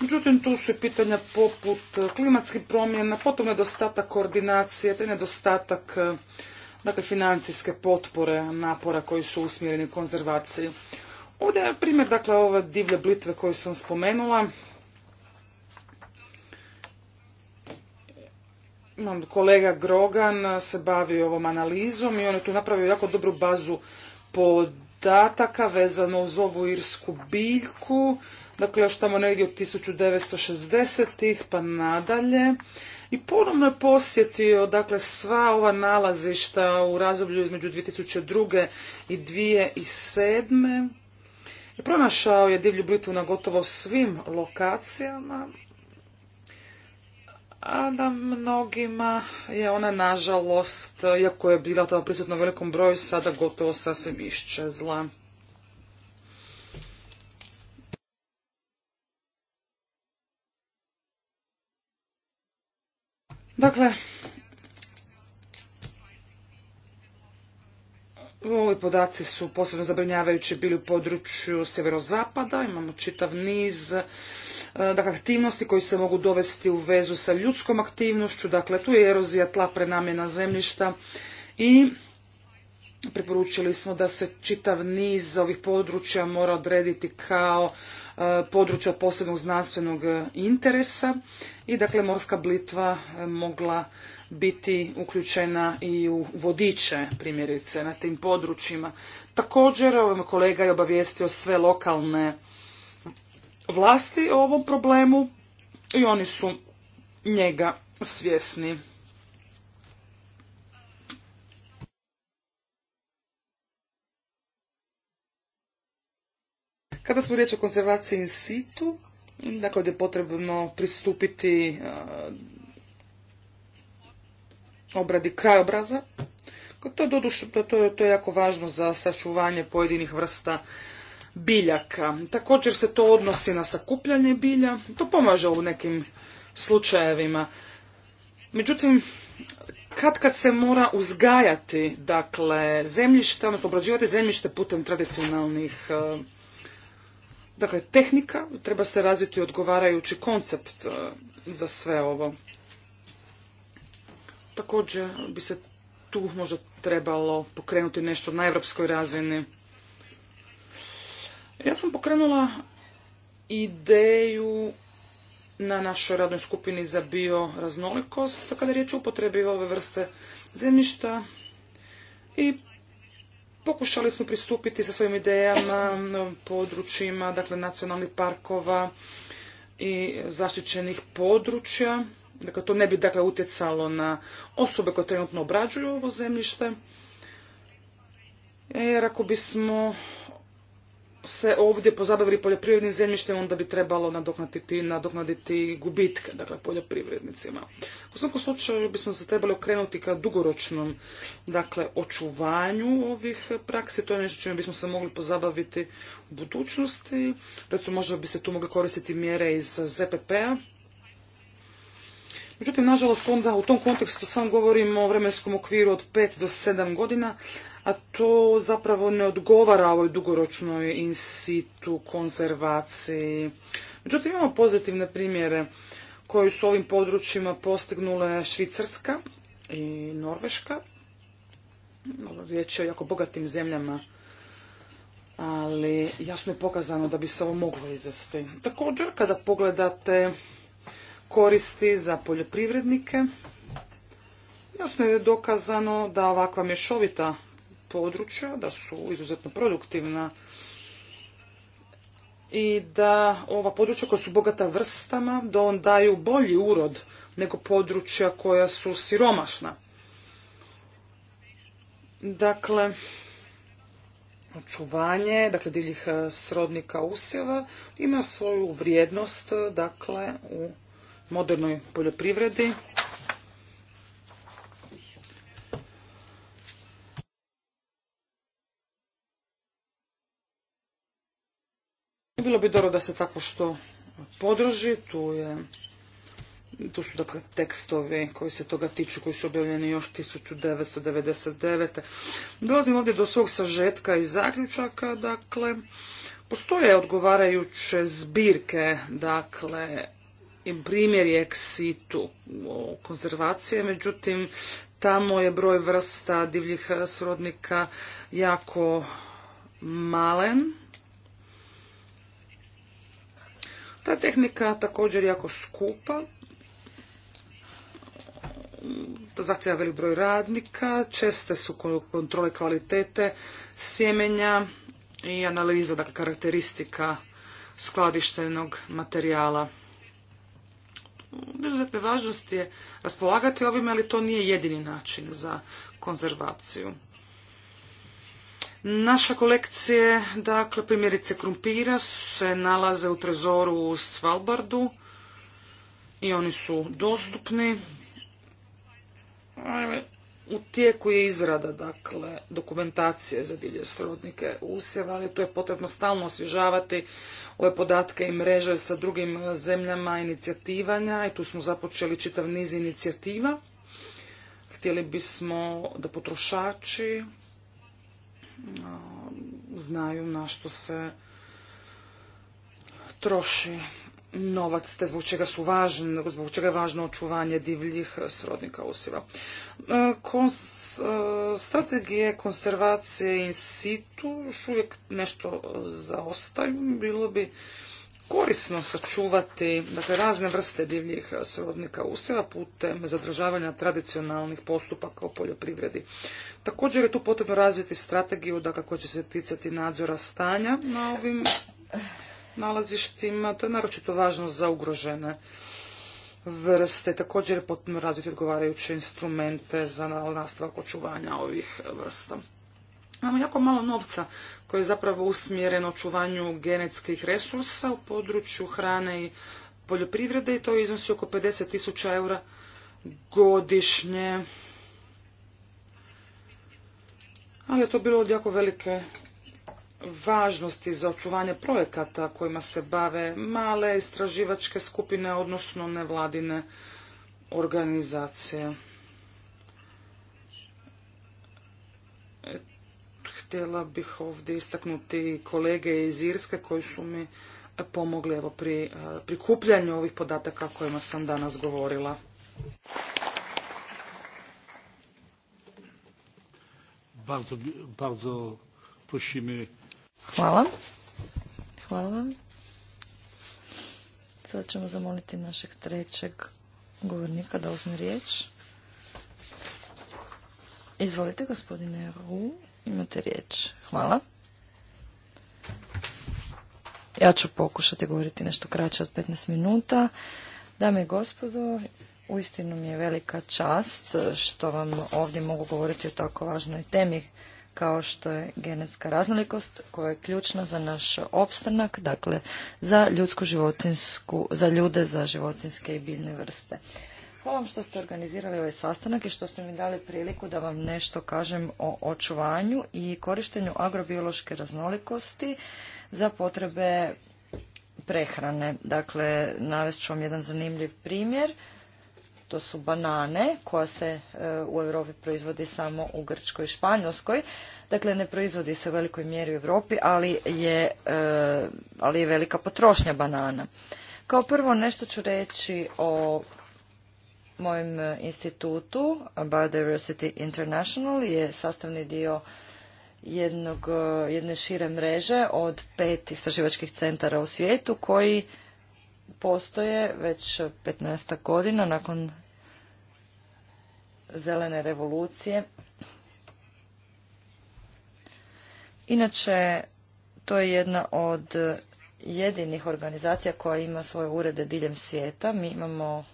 Međutim, tu su i pitanja poput klimatskih promjena, potom nedostatak koordinacije, te nedostatak dakle, financijske potpore, napora koji su usmjereni u konzervaciji. Ovdje je primjer dakle, ove divlje blitve koju sam spomenula, kolega Grogan se bavio ovom analizom i on je tu napravio jako dobru bazu podataka vezano uz ovu irsku biljku. Dakle, još tamo negdje od 1960-ih pa nadalje. I ponovno je posjetio dakle, sva ova nalazišta u razdoblju između 2002. i 2007. I pronašao je divlju blitvu na gotovo svim lokacijama a da mnogima je ona nažalost, iako je bila tada prisutna u velikom broju, sada gotovo sasvim iščezla. Dakle, Ovi podaci su posebno zabrinjavajući bili u području sjeverozapada, imamo čitav niz E, dakle, aktivnosti koji se mogu dovesti u vezu sa ljudskom aktivnošću, dakle tu je erozija tla, prenamjena zemljišta i preporučili smo da se čitav niz ovih područja mora odrediti kao e, područja posebnog znanstvenog e, interesa i dakle morska blitva mogla biti uključena i u vodiče primjerice na tim područjima. Također ovaj kolega je obavijestio sve lokalne vlasti o ovom problemu i oni su njega svjesni. Kada smo riječ o konzervaciji in situ, dakle je potrebno pristupiti eh, obradi krajobraza, to je, to, to je jako važno za sačuvanje pojedinih vrsta biljaka. Također se to odnosi na sakupljanje bilja, to pomaže u nekim slučajevima. Međutim, kad kad se mora uzgajati dakle, zemljište, odnosno obrađivati zemljište putem tradicionalnih e, dakle, tehnika, treba se razviti odgovarajući koncept e, za sve ovo. Također bi se tu možda trebalo pokrenuti nešto na evropskoj razini. Ja sam pokrenula ideju na našoj radnoj skupini za bioraznolikost kada je riječ o upotrebi ove vrste zemljišta i pokušali smo pristupiti sa svojim idejama, um, područjima, dakle nacionalnih parkova i zaštićenih područja. Dakle, to ne bi dakle utjecalo na osobe koje trenutno obrađuju ovo zemljište. Jer ako bismo se ovdje pozabavili poljoprivrednim zemljištem, onda bi trebalo nadoknaditi, gubitke, dakle, poljoprivrednicima. U svakom slučaju bismo se trebali okrenuti ka dugoročnom, dakle, očuvanju ovih praksi. To je nešto čime bismo se mogli pozabaviti u budućnosti. Recimo, možda bi se tu mogli koristiti mjere iz ZPP-a. Međutim, nažalost, onda u tom kontekstu sam govorimo o vremenskom okviru od 5 do 7 godina, a to zapravo ne odgovara ovoj dugoročnoj insitu, konzervaciji. Međutim, imamo pozitivne primjere koje su ovim područjima postignule Švicarska i Norveška. Riječ je o jako bogatim zemljama, ali jasno je pokazano da bi se ovo moglo izvesti. Također, kada pogledate koristi za poljoprivrednike, jasno je dokazano da ovakva mješovita područja, da su izuzetno produktivna i da ova područja koja su bogata vrstama, da on daju bolji urod nego područja koja su siromašna. Dakle, očuvanje, dakle divljih e, srodnika usjeva ima svoju vrijednost, dakle, u modernoj poljoprivredi bilo bi dobro da se tako što podrži. Tu, je, tu su dakle tekstovi koji se toga tiču, koji su objavljeni još 1999. Dolazim ovdje do svog sažetka i zaključaka. Dakle, postoje odgovarajuće zbirke, dakle, primjer je eksitu konzervacije, međutim, tamo je broj vrsta divljih srodnika jako malen. Ta tehnika također je jako skupa. To zahtjeva velik broj radnika, česte su kontrole kvalitete sjemenja i analiza dakle, karakteristika skladištenog materijala. Izuzetne važnost je raspolagati ovime, ali to nije jedini način za konzervaciju. Naša kolekcije, dakle, primjerice krumpira se nalaze u trezoru u Svalbardu i oni su dostupni. U tijeku je izrada, dakle, dokumentacije za divlje srodnike usjeva, ali tu je potrebno stalno osvježavati ove podatke i mreže sa drugim zemljama inicijativanja i tu smo započeli čitav niz inicijativa. Htjeli bismo da potrošači znaju na što se troši novac, te zbog čega su važni, zbog čega je važno očuvanje divljih srodnika usiva. E, e, strategije konservacije in situ još uvijek nešto zaostaju. Bilo bi korisno sačuvati dakle, razne vrste divljih srodnika usjeva putem zadržavanja tradicionalnih postupaka u poljoprivredi. Također je tu potrebno razviti strategiju da dakle, koja će se ticati nadzora stanja na ovim nalazištima. To je naročito važno za ugrožene vrste. Također je potrebno razviti odgovarajuće instrumente za nastavak očuvanja ovih vrsta. Imamo jako malo novca koji je zapravo usmjeren očuvanju genetskih resursa u području hrane i poljoprivrede i to iznosi oko 50 tisuća eura godišnje. Ali je to bilo od jako velike važnosti za očuvanje projekata kojima se bave male istraživačke skupine, odnosno nevladine organizacije. Htjela bih ovdje istaknuti kolege iz Irske koji su mi pomogli evo, pri eh, prikupljanju ovih podataka o kojima sam danas govorila. Bardzo, bardzo Hvala. Hvala vam. ćemo zamoliti našeg trećeg govornika da uzme riječ. Izvolite, gospodine Ruh. Imate riječ. Hvala. Ja ću pokušati govoriti nešto kraće od 15 minuta. Dame i gospodo, uistinu mi je velika čast što vam ovdje mogu govoriti o tako važnoj temi kao što je genetska raznolikost koja je ključna za naš opstanak, dakle za ljudsku životinsku, za ljude, za životinske i biljne vrste. Hvala vam što ste organizirali ovaj sastanak i što ste mi dali priliku da vam nešto kažem o očuvanju i korištenju agrobiološke raznolikosti za potrebe prehrane. Dakle, navest ću vam jedan zanimljiv primjer. To su banane koja se e, u Europi proizvodi samo u Grčkoj i Španjolskoj. Dakle, ne proizvodi se u velikoj mjeri u Europi, ali je, e, ali je velika potrošnja banana. Kao prvo nešto ću reći o mojem e, institutu Biodiversity International je sastavni dio jednog, e, jedne šire mreže od pet istraživačkih centara u svijetu koji postoje već 15 godina nakon zelene revolucije. Inače, to je jedna od jedinih organizacija koja ima svoje urede diljem svijeta. Mi imamo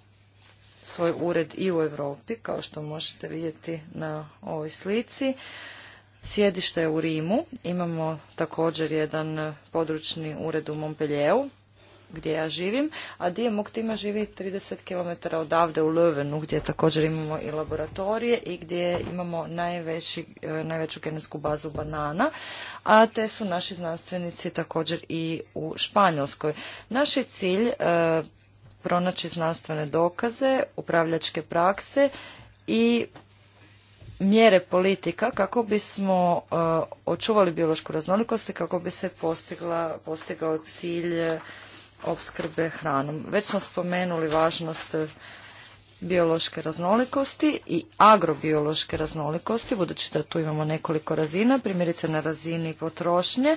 svoj ured i u Europi, kao što možete vidjeti na ovoj slici. Sjedište je u Rimu, imamo također jedan područni ured u Montpellieru, gdje ja živim, a dio mog tima živi 30 km odavde u Lövenu, gdje također imamo i laboratorije i gdje imamo najveći, e, najveću genetsku bazu banana, a te su naši znanstvenici također i u Španjolskoj. Naš je cilj e, pronaći znanstvene dokaze, upravljačke prakse i mjere politika kako bismo e, očuvali biološku raznolikost i kako bi se postigao cilj opskrbe hranom. Već smo spomenuli važnost biološke raznolikosti i agrobiološke raznolikosti, budući da tu imamo nekoliko razina, primjerice na razini potrošnje,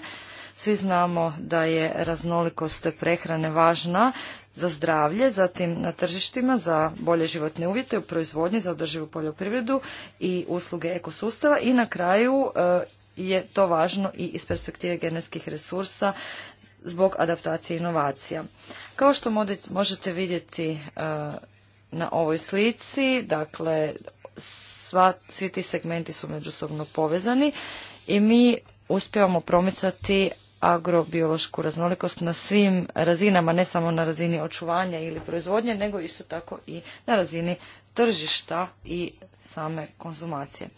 svi znamo da je raznolikost prehrane važna za zdravlje, zatim na tržištima za bolje životne uvjete u proizvodnji za održivu poljoprivredu i usluge ekosustava i na kraju e, je to važno i iz perspektive genetskih resursa zbog adaptacije inovacija. Kao što možete vidjeti e, na ovoj slici, dakle svi ti segmenti su međusobno povezani i mi uspijevamo promicati agrobiološku raznolikost na svim razinama, ne samo na razini očuvanja ili proizvodnje, nego isto tako i na razini tržišta i same konzumacije.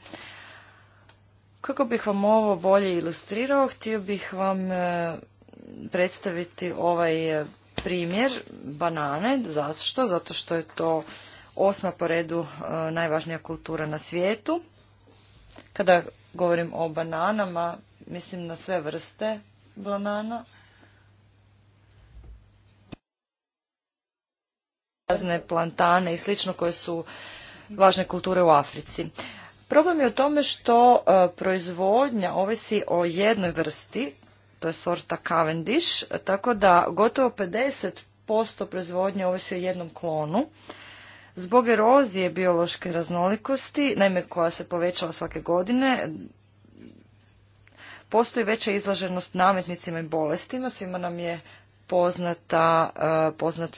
Kako bih vam ovo bolje ilustrirao, htio bih vam e, predstaviti ovaj e, primjer banane. Zašto? Zato što je to osma po redu e, najvažnija kultura na svijetu. Kada govorim o bananama, mislim na sve vrste Blamana. Razne plantane i slično koje su važne kulture u Africi. Problem je u tome što e, proizvodnja ovisi o jednoj vrsti, to je sorta Cavendish, tako da gotovo 50% proizvodnje ovisi o jednom klonu. Zbog erozije biološke raznolikosti, naime koja se povećala svake godine, postoji veća izlaženost nametnicima i bolestima. Svima nam je poznata, e, poznat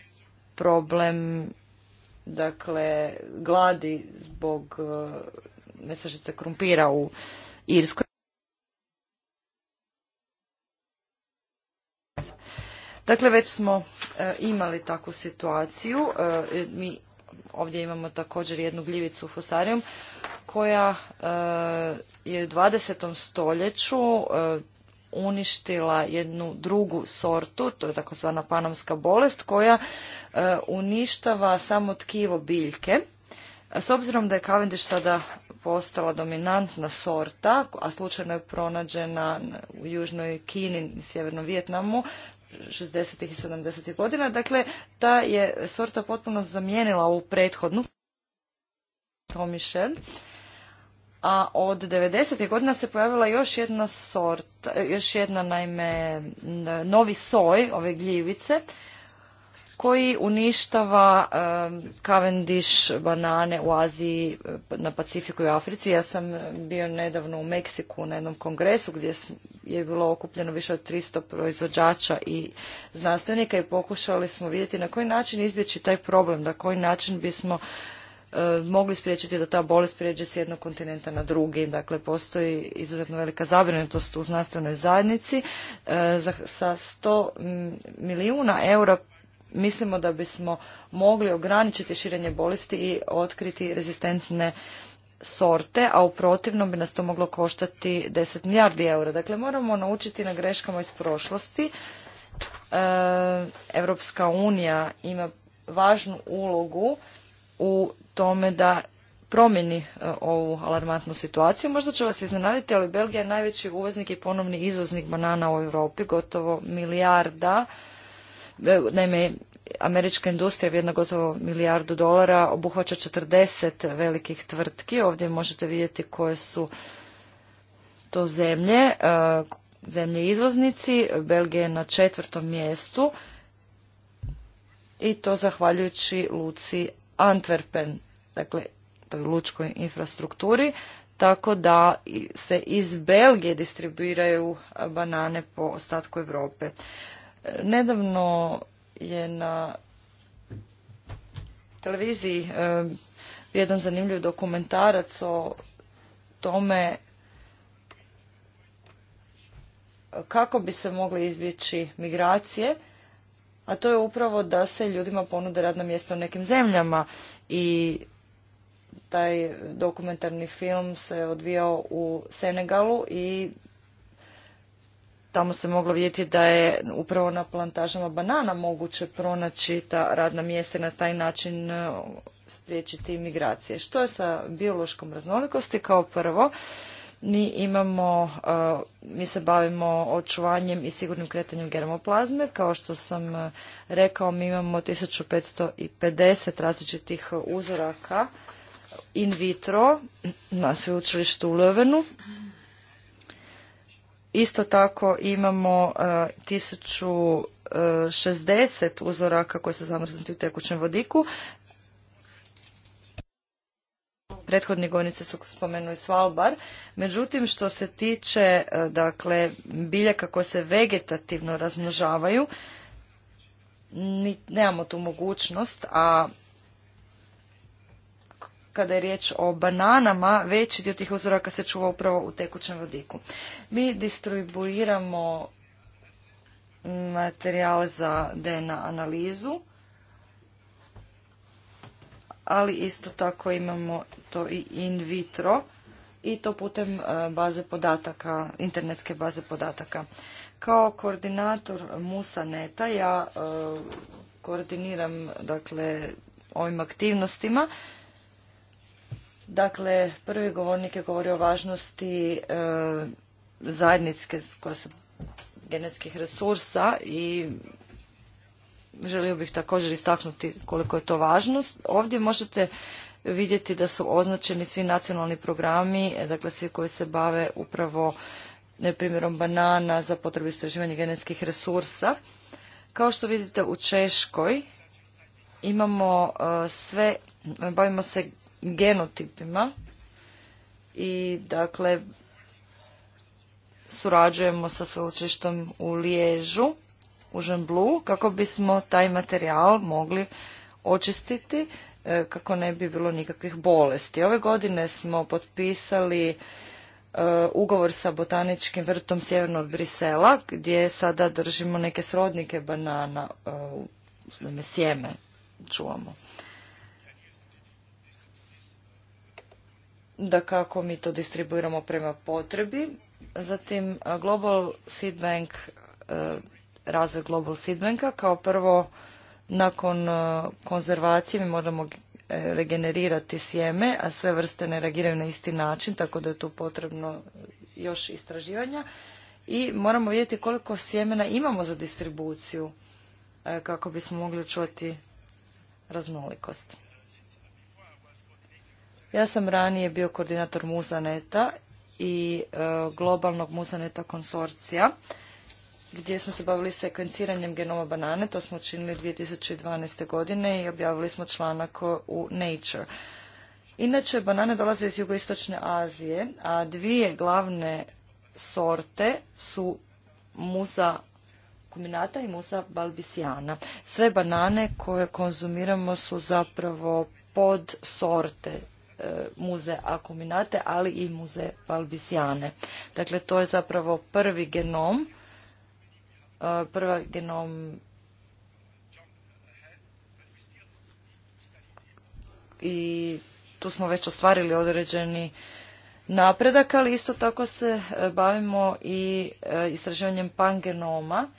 problem dakle gladi zbog mesažice e, krumpira u Irskoj. Dakle, već smo e, imali takvu situaciju. Mi ovdje imamo također jednu gljivicu fosarijom koja e, je u 20. stoljeću e, uništila jednu drugu sortu, to je takozvana panamska bolest koja e, uništava samo tkivo biljke. S obzirom da je Cavendish sada postala dominantna sorta, a slučajno je pronađena u Južnoj Kini i Sjevernom Vijetnamu, 60. i 70. godina. Dakle, ta je sorta potpuno zamijenila ovu prethodnu Tomišel. A od 90. godina se pojavila još jedna sorta, još jedna naime novi soj ove gljivice koji uništava Cavendish banane u Aziji, eh, na Pacifiku i Africi. Ja sam bio nedavno u Meksiku na jednom kongresu gdje je bilo okupljeno više od 300 proizvođača i znanstvenika i pokušali smo vidjeti na koji način izbjeći taj problem, na koji način bismo eh, mogli spriječiti da ta bolest prijeđe s jednog kontinenta na drugi. Dakle, postoji izuzetno velika zabrinutost u znanstvenoj zajednici. Eh, sa 100 milijuna eura mislimo da bismo mogli ograničiti širenje bolesti i otkriti rezistentne sorte, a u protivnom bi nas to moglo koštati 10 milijardi eura. Dakle, moramo naučiti na greškama iz prošlosti. E, Evropska unija ima važnu ulogu u tome da promjeni e, ovu alarmantnu situaciju. Možda će vas iznenaditi, ali Belgija je najveći uvoznik i ponovni izvoznik banana u Europi, gotovo milijarda Naime, američka industrija vrijedna gotovo milijardu dolara obuhvaća 40 velikih tvrtki. Ovdje možete vidjeti koje su to zemlje, e, zemlje izvoznici. Belgija je na četvrtom mjestu i to zahvaljujući luci Antwerpen, dakle toj lučkoj infrastrukturi, tako da se iz Belgije distribuiraju banane po ostatku Europe. Nedavno je na televiziji e, jedan zanimljiv dokumentarac o tome kako bi se mogli izbjeći migracije, a to je upravo da se ljudima ponude radna mjesta u nekim zemljama i taj dokumentarni film se odvijao u Senegalu i tamo se moglo vidjeti da je upravo na plantažama banana moguće pronaći ta radna mjesta i na taj način e, spriječiti imigracije. Što je sa biološkom raznolikosti? Kao prvo, mi imamo, e, mi se bavimo očuvanjem i sigurnim kretanjem germoplazme. Kao što sam e, rekao, mi imamo 1550 različitih uzoraka in vitro na sveučilištu u Lövenu Isto tako imamo 1060 e, e, uzoraka koji su zamrznuti u tekućem vodiku. Prethodni gonice su spomenuli Svalbar. Međutim, što se tiče e, dakle, biljaka koje se vegetativno razmnožavaju, nemamo tu mogućnost, a kada je riječ o bananama, veći dio tih uzoraka se čuva upravo u tekućem vodiku. Mi distribuiramo materijal za DNA analizu, ali isto tako imamo to i in vitro i to putem e, baze podataka, internetske baze podataka. Kao koordinator Musaneta ja e, koordiniram dakle ovim aktivnostima Dakle, prvi govornik je govorio o važnosti e, koja se genetskih resursa i želio bih također istaknuti koliko je to važnost. Ovdje možete vidjeti da su označeni svi nacionalni programi, e, dakle svi koji se bave upravo primjerom banana za potrebu istraživanja genetskih resursa. Kao što vidite u Češkoj imamo e, sve, bavimo se genotipima i dakle surađujemo sa sveučištom u Liježu u Žemblu kako bismo taj materijal mogli očistiti e, kako ne bi bilo nikakvih bolesti. Ove godine smo potpisali e, ugovor sa botaničkim vrtom sjeverno od Brisela gdje sada držimo neke srodnike banana, e, sjeme čuvamo. da kako mi to distribuiramo prema potrebi. Zatim e, Global Seed Bank, e, razvoj Global Seed Banka. Kao prvo, nakon e, konzervacije mi moramo regenerirati sjeme, a sve vrste ne reagiraju na isti način, tako da je tu potrebno još istraživanja. I moramo vidjeti koliko sjemena imamo za distribuciju kako bismo mogli očuvati raznolikost. Ja sam ranije bio koordinator Muzaneta i e, globalnog Muzaneta konsorcija gdje smo se bavili sekvenciranjem genoma banane. To smo učinili 2012. godine i objavili smo članak u Nature. Inače, banane dolaze iz jugoistočne Azije, a dvije glavne sorte su musa kuminata i musa balbisiana. Sve banane koje konzumiramo su zapravo pod sorte E, muze Akuminate, ali i muze Palbizijane. Dakle, to je zapravo prvi genom, e, prva genom i tu smo već ostvarili određeni napredak, ali isto tako se e, bavimo i istraživanjem pangenoma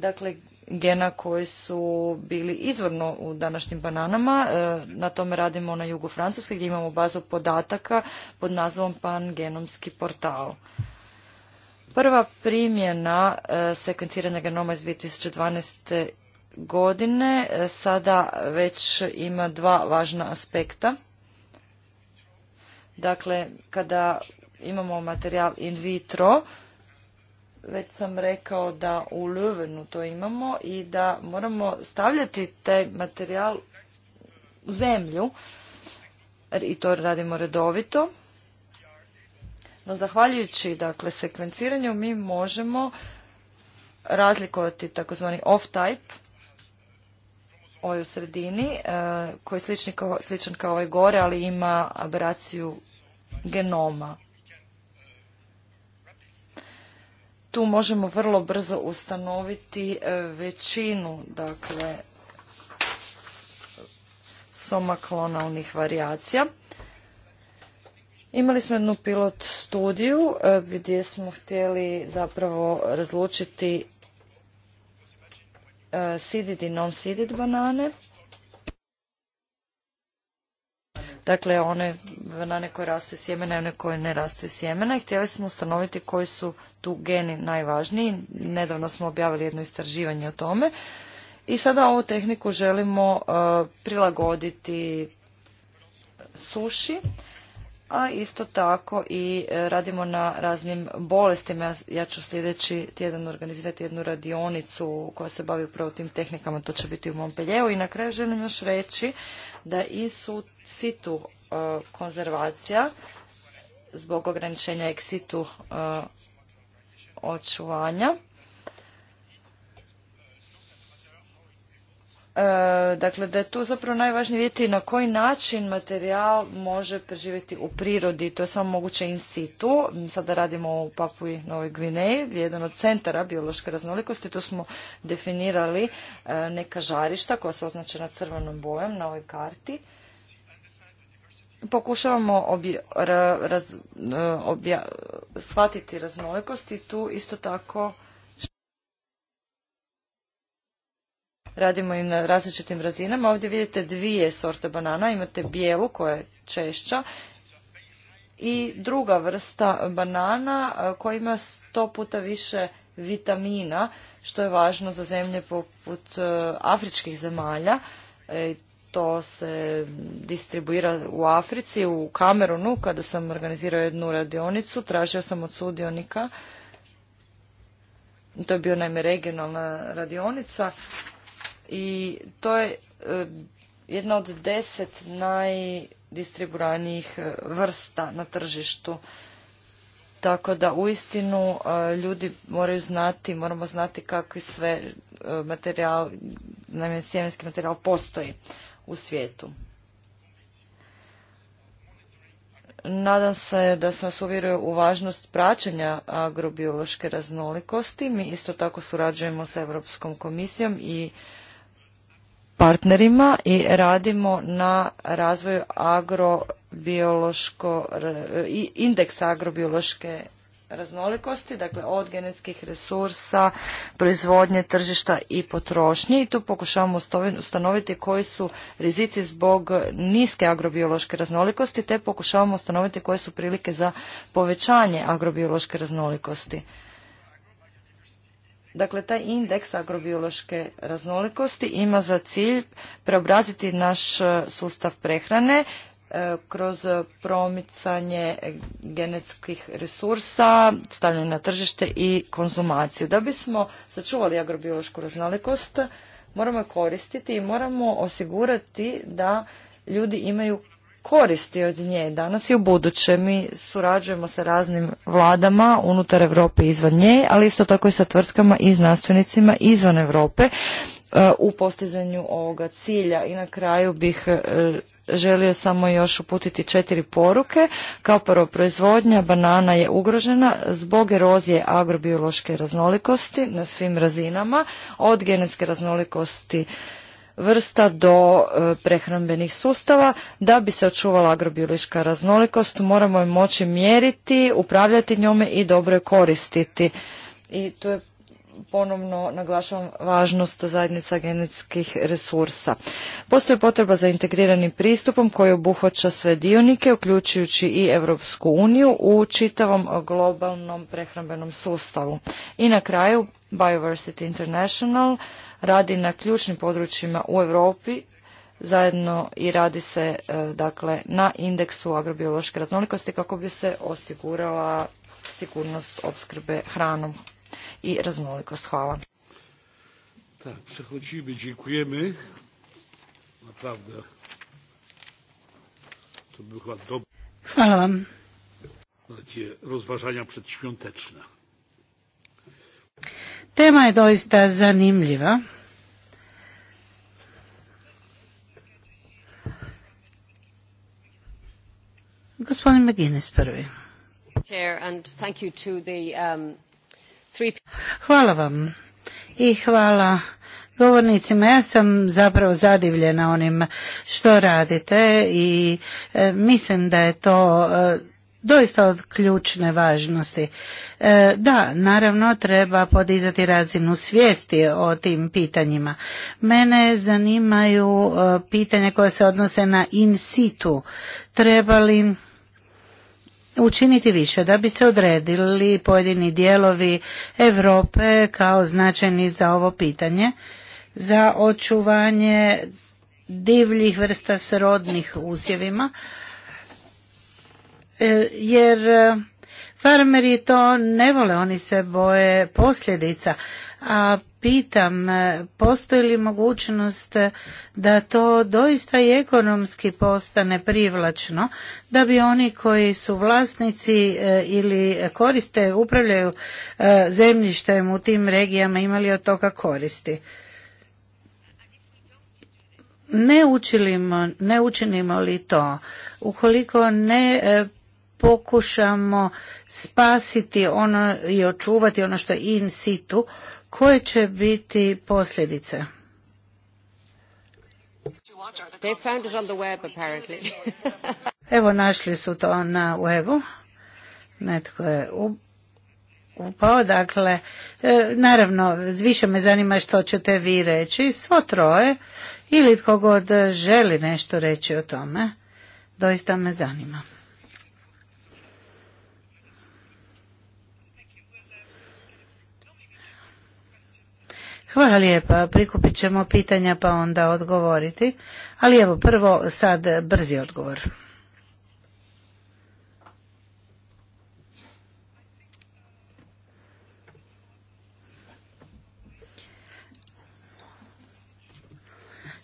dakle gena koji su bili izvorno u današnjim bananama. E, na tome radimo na jugu Francuske gdje imamo bazu podataka pod nazvom genomski portal. Prva primjena e, sekvenciranja genoma iz 2012. godine e, sada već ima dva važna aspekta. Dakle, kada imamo materijal in vitro, već sam rekao da u Ljuvenu to imamo i da moramo stavljati taj materijal u zemlju i to radimo redovito. No, zahvaljujući dakle, sekvenciranju mi možemo razlikovati takozvani off-type, ovaj u sredini, e, koji je sličan kao, ovaj gore, ali ima aberaciju genoma tu možemo vrlo brzo ustanoviti e, većinu dakle somaklonalnih varijacija. Imali smo jednu pilot studiju e, gdje smo htjeli zapravo razlučiti e, seeded i non seeded banane dakle one banane koje rastu sjemena i one koje ne rastu sjemena i htjeli smo ustanoviti koji su tu geni najvažniji. Nedavno smo objavili jedno istraživanje o tome i sada ovu tehniku želimo e, prilagoditi suši a isto tako i e, radimo na raznim bolestima. Ja ću sljedeći tjedan organizirati jednu radionicu koja se bavi upravo tim tehnikama, to će biti u Montpellieru. I na kraju želim još reći da i su situ e, konzervacija zbog ograničenja eksitu e, očuvanja E, dakle da je tu zapravo najvažnije vidjeti na koji način materijal može preživjeti u prirodi. To je samo moguće in situ. Sada radimo u Papuji Novoj Gvineji, jedan od centara biološke raznolikosti. Tu smo definirali e, neka žarišta koja su označena crvenom bojem na ovoj karti. Pokušavamo obje, raz, e, obja, shvatiti raznolikosti. Tu isto tako radimo i na različitim razinama. Ovdje vidite dvije sorte banana, imate bijelu koja je češća i druga vrsta banana e, koja ima sto puta više vitamina, što je važno za zemlje poput e, afričkih zemalja. E, to se distribuira u Africi, u Kamerunu, kada sam organizirao jednu radionicu, tražio sam od sudionika, to je bio naime regionalna radionica, i to je e, jedna od deset najdistriburanijih e, vrsta na tržištu. Tako da uistinu e, ljudi moraju znati, moramo znati kakvi sve materijal, naime sjemenski materijal postoji u svijetu. Nadam se da sam vas uvjerio u važnost praćenja agrobiološke raznolikosti. Mi isto tako surađujemo sa Europskom komisijom i partnerima i radimo na razvoju agrobiološko, indeksa agrobiološke raznolikosti, dakle od genetskih resursa, proizvodnje, tržišta i potrošnje i tu pokušavamo ustanoviti koji su rizici zbog niske agrobiološke raznolikosti te pokušavamo ustanoviti koje su prilike za povećanje agrobiološke raznolikosti. Dakle, taj indeks agrobiološke raznolikosti ima za cilj preobraziti naš e, sustav prehrane e, kroz promicanje genetskih resursa, stavljanje na tržište i konzumaciju. Da bismo sačuvali agrobiološku raznolikost, moramo je koristiti i moramo osigurati da ljudi imaju koristi od nje danas i u buduće. Mi surađujemo sa raznim vladama unutar Europe i izvan nje, ali isto tako i sa tvrtkama i znanstvenicima izvan Europe eh, u postizanju ovoga cilja. I na kraju bih eh, želio samo još uputiti četiri poruke. Kao prvo, proizvodnja banana je ugrožena zbog erozije agrobiološke raznolikosti na svim razinama, od genetske raznolikosti vrsta do e, prehrambenih sustava. Da bi se očuvala agrobiološka raznolikost moramo je moći mjeriti, upravljati njome i dobro je koristiti. I tu je ponovno naglašavam važnost zajednica genetskih resursa. Postoji potreba za integriranim pristupom koji obuhvaća sve dionike, uključujući i Europsku uniju u čitavom globalnom prehrambenom sustavu. I na kraju Bioversity International radi na ključnim područjima u Europi zajedno i radi se e, dakle na indeksu agrobiološke raznolikosti kako bi se osigurala sigurnost opskrbe hranom i raznolikost. Hvala. Tak, przechodzimy, dziękujemy. rozważania przedświąteczne. Tema je doista zanimljiva. Gospodin McGuinness prvi. Um, hvala vam i hvala govornicima. Ja sam zapravo zadivljena onim što radite i e, mislim da je to e, doista od ključne važnosti. E, da, naravno treba podizati razinu svijesti o tim pitanjima. Mene zanimaju e, pitanja koja se odnose na in situ. Treba li učiniti više da bi se odredili pojedini dijelovi Europe kao značajni za ovo pitanje za očuvanje divljih vrsta srodnih usjevima E, jer e, farmeri to ne vole, oni se boje posljedica. A pitam, e, postoji li mogućnost da to doista i ekonomski postane privlačno, da bi oni koji su vlasnici ili koriste, upravljaju zemljištem u tim regijama imali od toga koristi? Ne, ne učinimo li to, ukoliko ne pokušamo spasiti ono i očuvati ono što je in situ, koje će biti posljedice? Evo našli su to na webu. Netko je upao, dakle, e, naravno, više me zanima što ćete vi reći, svo troje, ili tko god želi nešto reći o tome, doista me zanima. Hvala lijepa, prikupit ćemo pitanja pa onda odgovoriti. Ali evo, prvo sad brzi odgovor.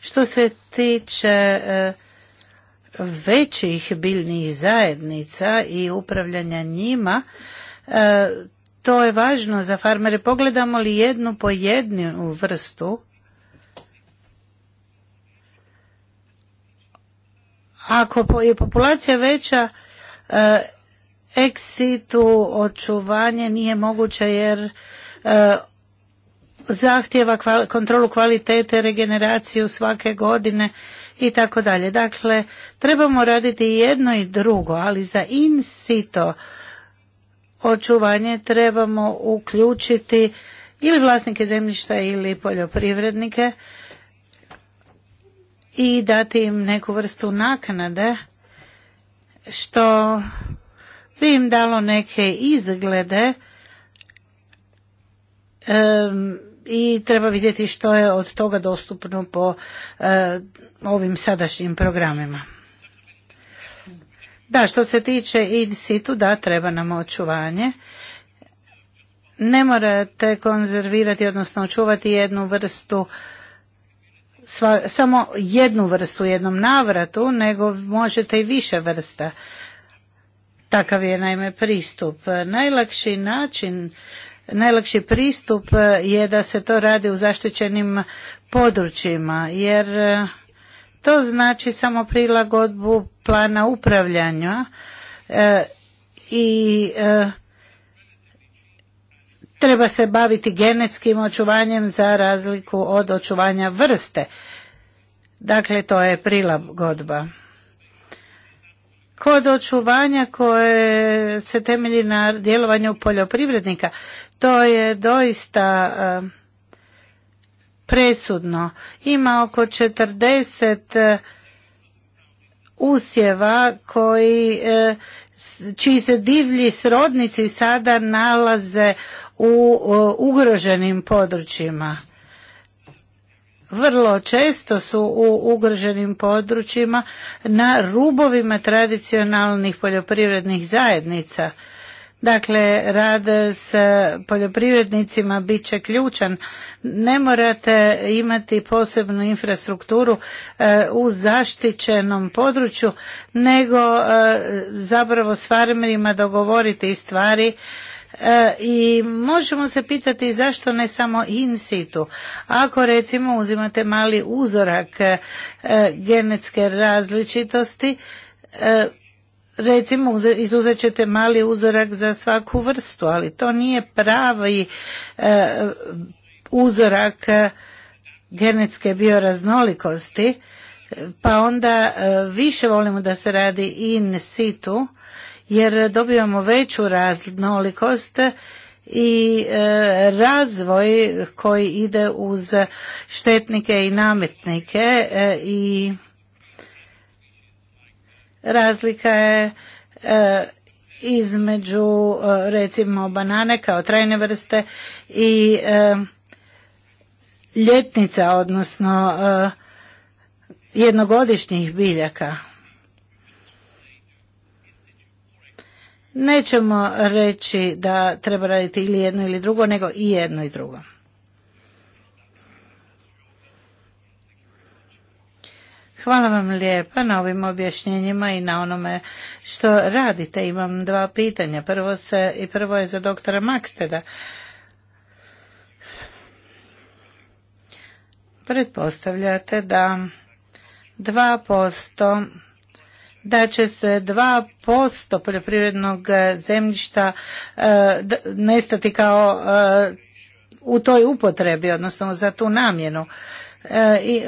Što se tiče e, većih biljnih zajednica i upravljanja njima, e, to je važno za farmere. Pogledamo li jednu po jednu vrstu, ako je populacija veća, eh, eksitu očuvanje nije moguće jer eh, zahtjeva kontrolu kvalitete, regeneraciju svake godine i tako dalje. Dakle, trebamo raditi jedno i drugo, ali za in očuvanje trebamo uključiti ili vlasnike zemljišta ili poljoprivrednike i dati im neku vrstu naknade što bi im dalo neke izglede i treba vidjeti što je od toga dostupno po eh, ovim sadašnjim programima. Da, što se tiče in situ, da, treba nam očuvanje. Ne morate konzervirati, odnosno očuvati jednu vrstu sva, samo jednu vrstu u jednom navratu, nego možete i više vrsta. Takav je naime pristup. Najlakši način, najlakši pristup je da se to radi u zaštićenim područjima, jer to znači samo prilagodbu plana upravljanja e, i e, treba se baviti genetskim očuvanjem za razliku od očuvanja vrste. Dakle, to je prilagodba. Kod očuvanja koje se temelji na djelovanju poljoprivrednika, to je doista e, presudno. Ima oko 40 e, usjeva koji e, čiji se divlji srodnici sada nalaze u e, ugroženim područjima. Vrlo često su u ugroženim područjima na rubovima tradicionalnih poljoprivrednih zajednica Dakle, rad s poljoprivrednicima bit će ključan. Ne morate imati posebnu infrastrukturu e, u zaštićenom području, nego e, zapravo s farmerima dogovoriti stvari e, i možemo se pitati zašto ne samo in situ. Ako recimo uzimate mali uzorak genetske različitosti, recimo izuzet ćete mali uzorak za svaku vrstu, ali to nije pravi e, uzorak e, genetske bioraznolikosti, e, pa onda više volimo da se radi in situ, jer dobivamo veću raznolikost i razvoj koji ide uz štetnike i nametnike i Razlika je e, između e, recimo banane kao trajne vrste i e, ljetnica, odnosno jednogodišnjih biljaka. Nećemo reći da treba raditi ili jedno ili drugo, nego i jedno i drugo. Hvala vam lijepa na ovim objašnjenjima i na onome što radite. Imam dva pitanja. Prvo, se, i prvo je za doktora Maksteda. Pretpostavljate da 2% da će se 2% poljoprivrednog zemljišta e, nestati kao e, u toj upotrebi, odnosno za tu namjenu. E,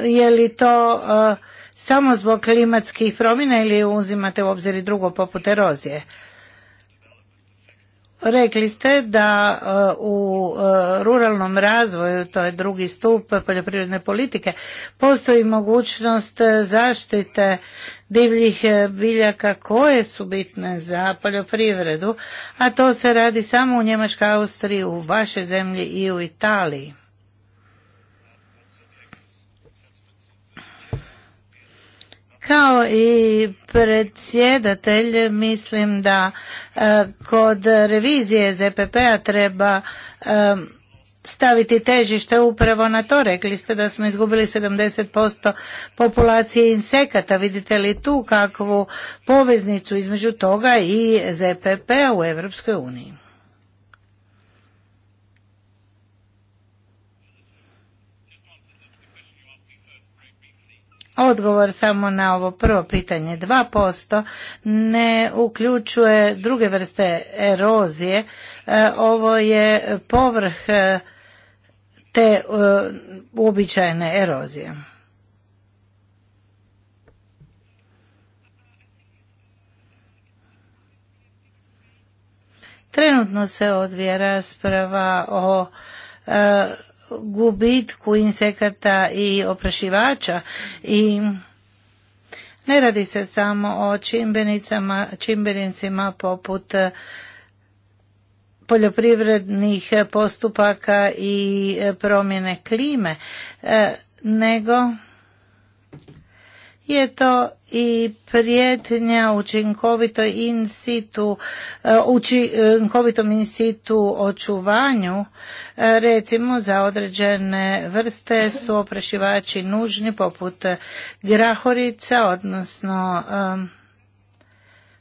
je li to samo zbog klimatskih promjena ili uzimate u obzir i drugo poput erozije? Rekli ste da e, u e, ruralnom razvoju, to je drugi stup poljoprivredne politike, postoji mogućnost zaštite divljih e, biljaka koje su bitne za poljoprivredu, a to se radi samo u Njemačkoj, Austriji, u vašoj zemlji i u Italiji. Kao i predsjedatelj mislim da e, kod revizije ZPP-a treba e, staviti težište upravo na to. Rekli ste da smo izgubili 70% populacije insekata. Vidite li tu kakvu poveznicu između toga i ZPP-a u Europskoj uniji? odgovor samo na ovo prvo pitanje. 2% ne uključuje druge vrste erozije. E, ovo je povrh e, te e, uobičajene erozije. Trenutno se odvija rasprava o gubitku insekata i oprašivača i ne radi se samo o čimbenicama, čimbenicima poput eh, poljoprivrednih postupaka i eh, promjene klime, eh, nego je to i prijetnja učinkovitoj in situ, eh, učinkovitom in očuvanju, eh, recimo za određene vrste su oprašivači nužni poput grahorica, odnosno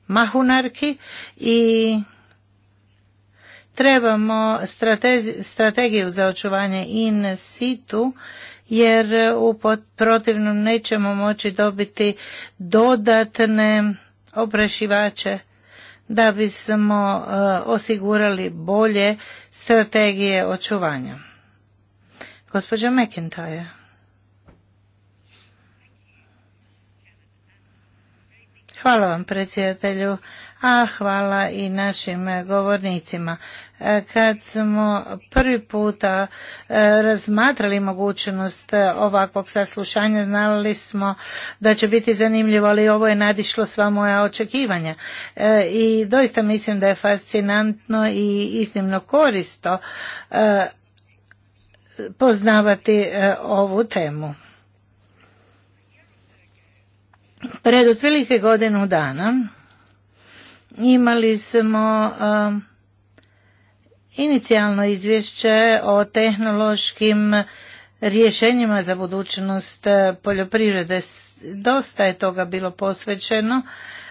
mahunarki i trebamo strategiju za očuvanje in situ jer u protivnom nećemo moći dobiti dodatne oprašivače da bismo e, osigurali bolje strategije očuvanja. Gospođa McIntyre. Hvala vam predsjedatelju a hvala i našim e, govornicima. E, kad smo prvi puta e, razmatrali mogućnost ovakvog saslušanja, znali smo da će biti zanimljivo, ali ovo je nadišlo sva moja očekivanja. I doista mislim da je fascinantno i iznimno koristo poznavati ovu temu. Pred otprilike godinu dana imali smo um, inicijalno izvješće o tehnološkim rješenjima za budućnost uh, poljoprivrede. Dosta je toga bilo posvećeno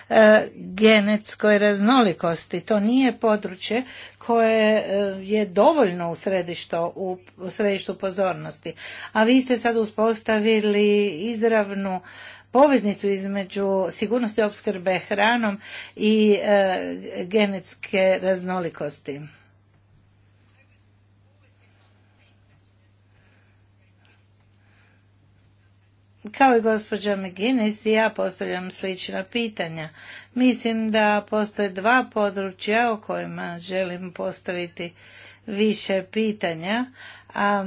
uh, genetskoj raznolikosti. To nije područje koje uh, je dovoljno u središtu, u središtu pozornosti. A vi ste sad uspostavili izravnu poveznicu između sigurnosti opskrbe hranom i e, genetske raznolikosti. Kao i gospođa McGinnis i ja postavljam slična pitanja. Mislim da postoje dva područja o kojima želim postaviti više pitanja, a,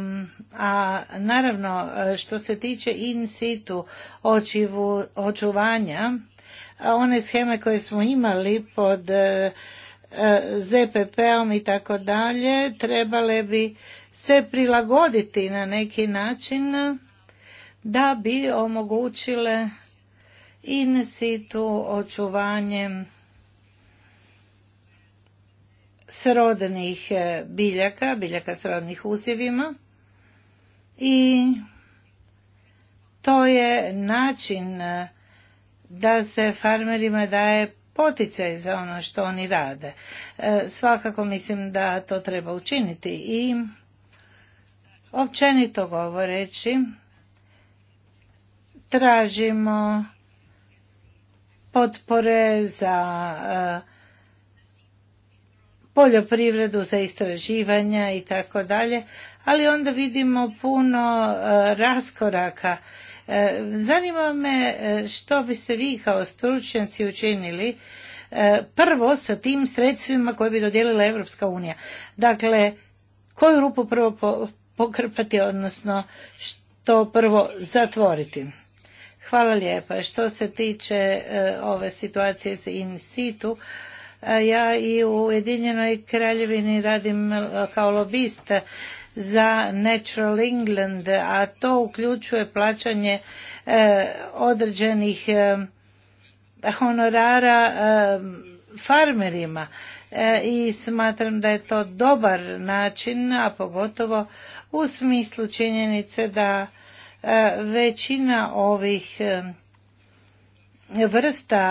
a naravno e, što se tiče in situ očuvanja, one sheme koje smo imali pod e, e, ZPP-om i tako dalje trebale bi se prilagoditi na neki način da bi omogućile in situ očuvanjem srodnih e, biljaka, biljaka srodnih usjevima i to je način e, da se farmerima daje poticaj za ono što oni rade. E, svakako mislim da to treba učiniti i općenito govoreći tražimo potpore za poljoprivredu, za istraživanja i tako dalje, ali onda vidimo puno e, raskoraka. E, zanima me e, što se vi kao stručnjaci učinili prvo sa tim sredstvima koje bi dodijelila Europska unija. Dakle, koju rupu prvo pokrpati, odnosno što prvo zatvoriti? Hvala lijepa. Što se tiče ove situacije s in situ, ja i u Ujedinjenoj kraljevini radim e, kao lobista za Natural England, a to uključuje plaćanje e, određenih e, honorara farmerima i smatram da je to dobar način, a pogotovo u smislu činjenice da većina ovih vrsta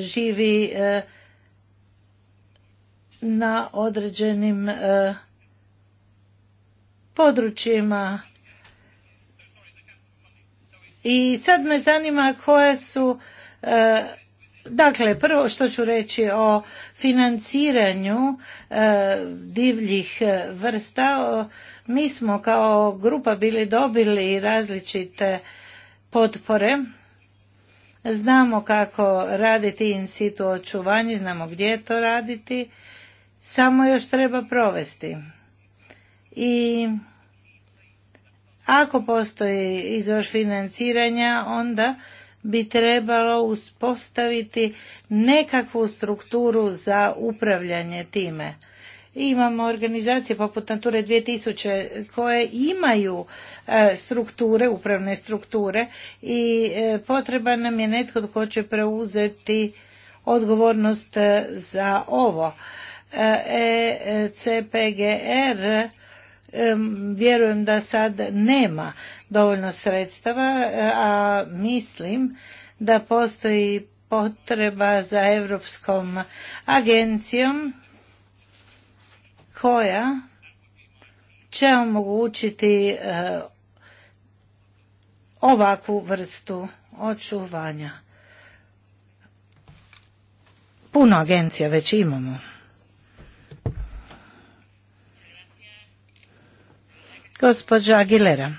živi e, na određenim e, područjima. I sad me zanima koje su e, Dakle, prvo što ću reći o financiranju divljih vrsta, mi smo kao grupa bili dobili različite potpore Znamo kako raditi in situ očuvanje, znamo gdje to raditi, samo još treba provesti. I ako postoji izvor financiranja, onda bi trebalo uspostaviti nekakvu strukturu za upravljanje time. Imamo organizacije poput Nature 2000 koje imaju e, strukture, upravne strukture i e, potreban nam je netko tko će preuzeti odgovornost e, za ovo. ECPGR vjerujem da sad nema dovoljno sredstava, a mislim da postoji potreba za Europskom agencijom koja će omogućiti e, ovakvu vrstu očuvanja. Puno agencija već imamo. Gospodža Aguilera.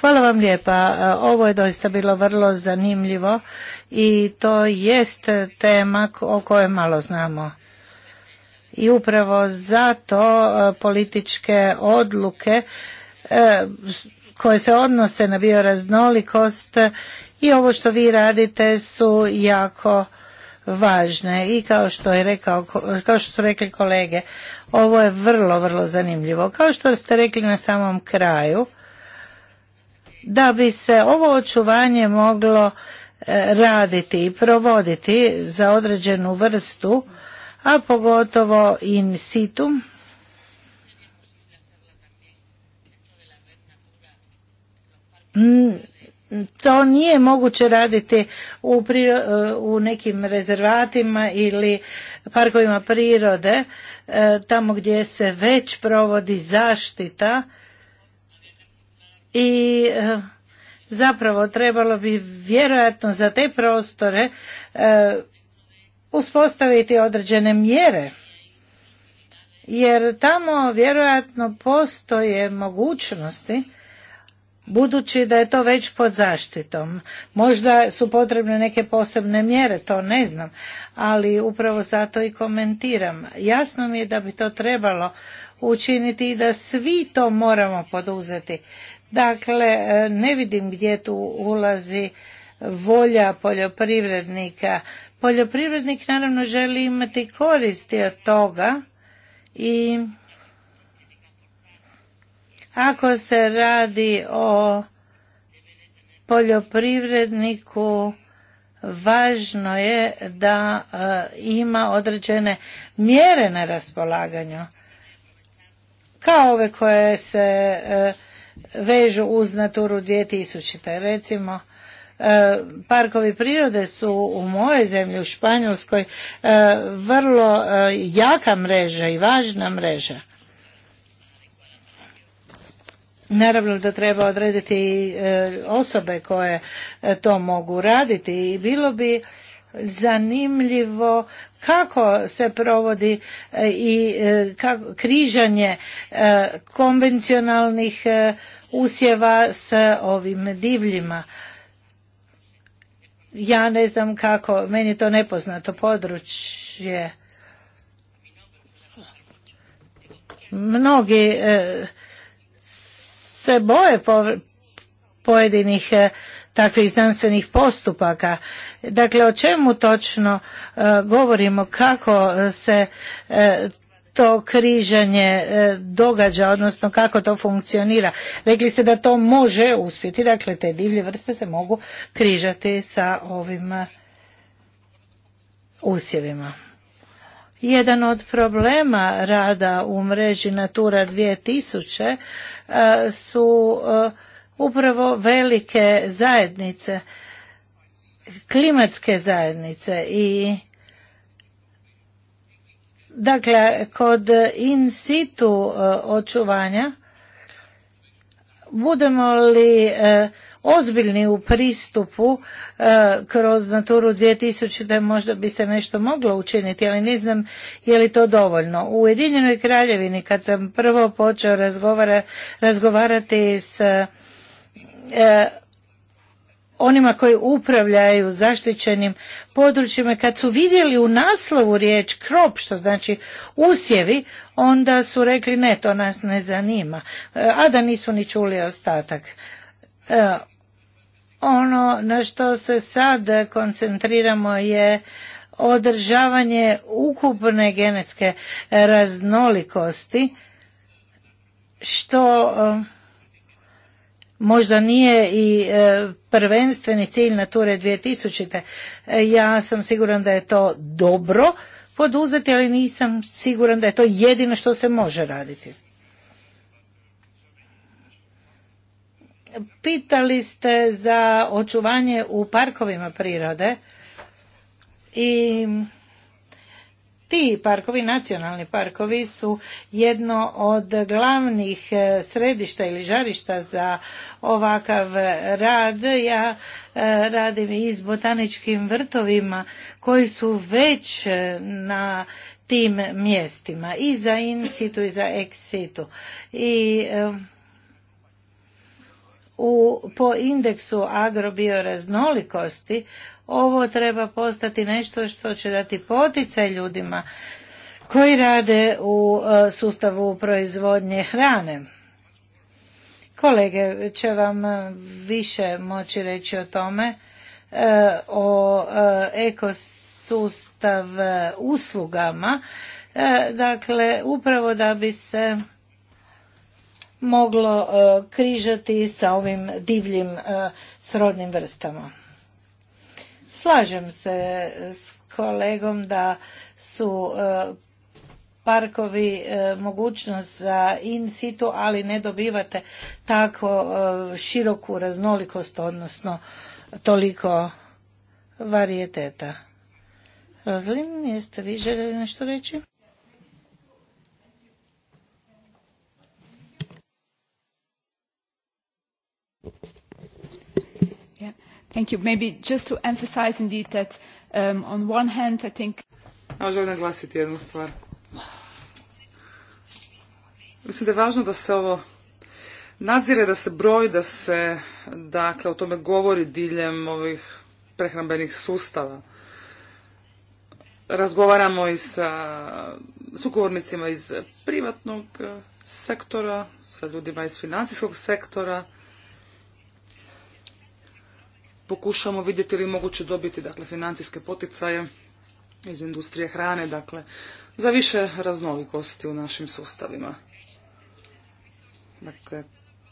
Hvala vam lijepa. E, ovo je doista bilo vrlo zanimljivo i to jest tema o kojoj malo znamo i upravo zato e, političke odluke e, koje se odnose na bioraznolikost i ovo što vi radite su jako važne i kao što je rekao kao što su rekli kolege ovo je vrlo vrlo zanimljivo kao što ste rekli na samom kraju da bi se ovo očuvanje moglo e, raditi i provoditi za određenu vrstu a pogotovo in situ. Mm, to nije moguće raditi u, u nekim rezervatima ili parkovima prirode, e, tamo gdje se već provodi zaštita i e, zapravo trebalo bi vjerojatno za te prostore e, uspostaviti određene mjere jer tamo vjerojatno postoje mogućnosti budući da je to već pod zaštitom. Možda su potrebne neke posebne mjere, to ne znam, ali upravo zato i komentiram. Jasno mi je da bi to trebalo učiniti i da svi to moramo poduzeti. Dakle, ne vidim gdje tu ulazi volja poljoprivrednika poljoprivrednik naravno želi imati koristi od toga i ako se radi o poljoprivredniku važno je da e, ima određene mjere na raspolaganju kao ove koje se e, vežu uz Naturu 2000. Recimo, E, parkovi prirode su u mojoj zemlji, u Španjolskoj, e, vrlo e, jaka mreža i važna mreža. Naravno da treba odrediti osobe koje to mogu raditi i bilo bi zanimljivo kako se provodi i križanje konvencionalnih usjeva s ovim divljima ja ne znam kako, meni je to nepoznato područje. Mnogi e, se boje pojedinih e, takvih znanstvenih postupaka. Dakle, o čemu točno e, govorimo, kako se to križanje e, događa, odnosno kako to funkcionira. Rekli ste da to može uspjeti, dakle te divlje vrste se mogu križati sa ovim e, usjevima. Jedan od problema rada u mreži Natura 2000 e, su upravo velike zajednice, klimatske zajednice i Dakle, kod in situ eh, očuvanja, budemo li eh, ozbiljni u pristupu eh, kroz Naturu 2000 da možda bi se nešto moglo učiniti, ali ne znam je li to dovoljno. U Ujedinjenoj kraljevini kad sam prvo počeo razgovarati s onima koji upravljaju zaštićenim područjima kad su vidjeli u naslovu riječ krop što znači usjevi onda su rekli ne to nas ne zanima e, a da nisu ni čuli ostatak e, ono na što se sad koncentriramo je održavanje ukupne genetske raznolikosti što možda nije i e, prvenstveni cilj Nature 2000. E, ja sam siguran da je to dobro poduzeti, ali nisam siguran da je to jedino što se može raditi. Pitali ste za očuvanje u parkovima prirode i ti parkovi, nacionalni parkovi su jedno od glavnih e, središta ili žarišta za ovakav rad. Ja e, radim i s botaničkim vrtovima koji su već e, na tim mjestima i za in i za ex I u, po indeksu agrobioraznolikosti ovo treba postati nešto što će dati poticaj ljudima koji rade u e, sustavu proizvodnje hrane. Kolege će vam e, više moći reći o tome, e, o ekosustav uslugama, dakle upravo da bi se moglo križati sa ovim divljim srodnim vrstama. Slažem se s kolegom da su e, parkovi e, mogućnost za in situ, ali ne dobivate tako e, široku raznolikost, odnosno toliko varijeteta. Rozlin, jeste vi željeli nešto reći? Thank you. Maybe just to emphasize indeed that um, on one hand I think... Evo želim naglasiti jednu stvar. Mislim da je važno da se ovo nadzire, da se broj, da se dakle o tome govori diljem ovih prehrambenih sustava. Razgovaramo i sa sugovornicima iz privatnog eh, sektora, sa ljudima iz financijskog sektora, pokušamo vidjeti li moguće dobiti dakle, financijske poticaje iz industrije hrane, dakle, za više raznolikosti u našim sustavima. Dakle,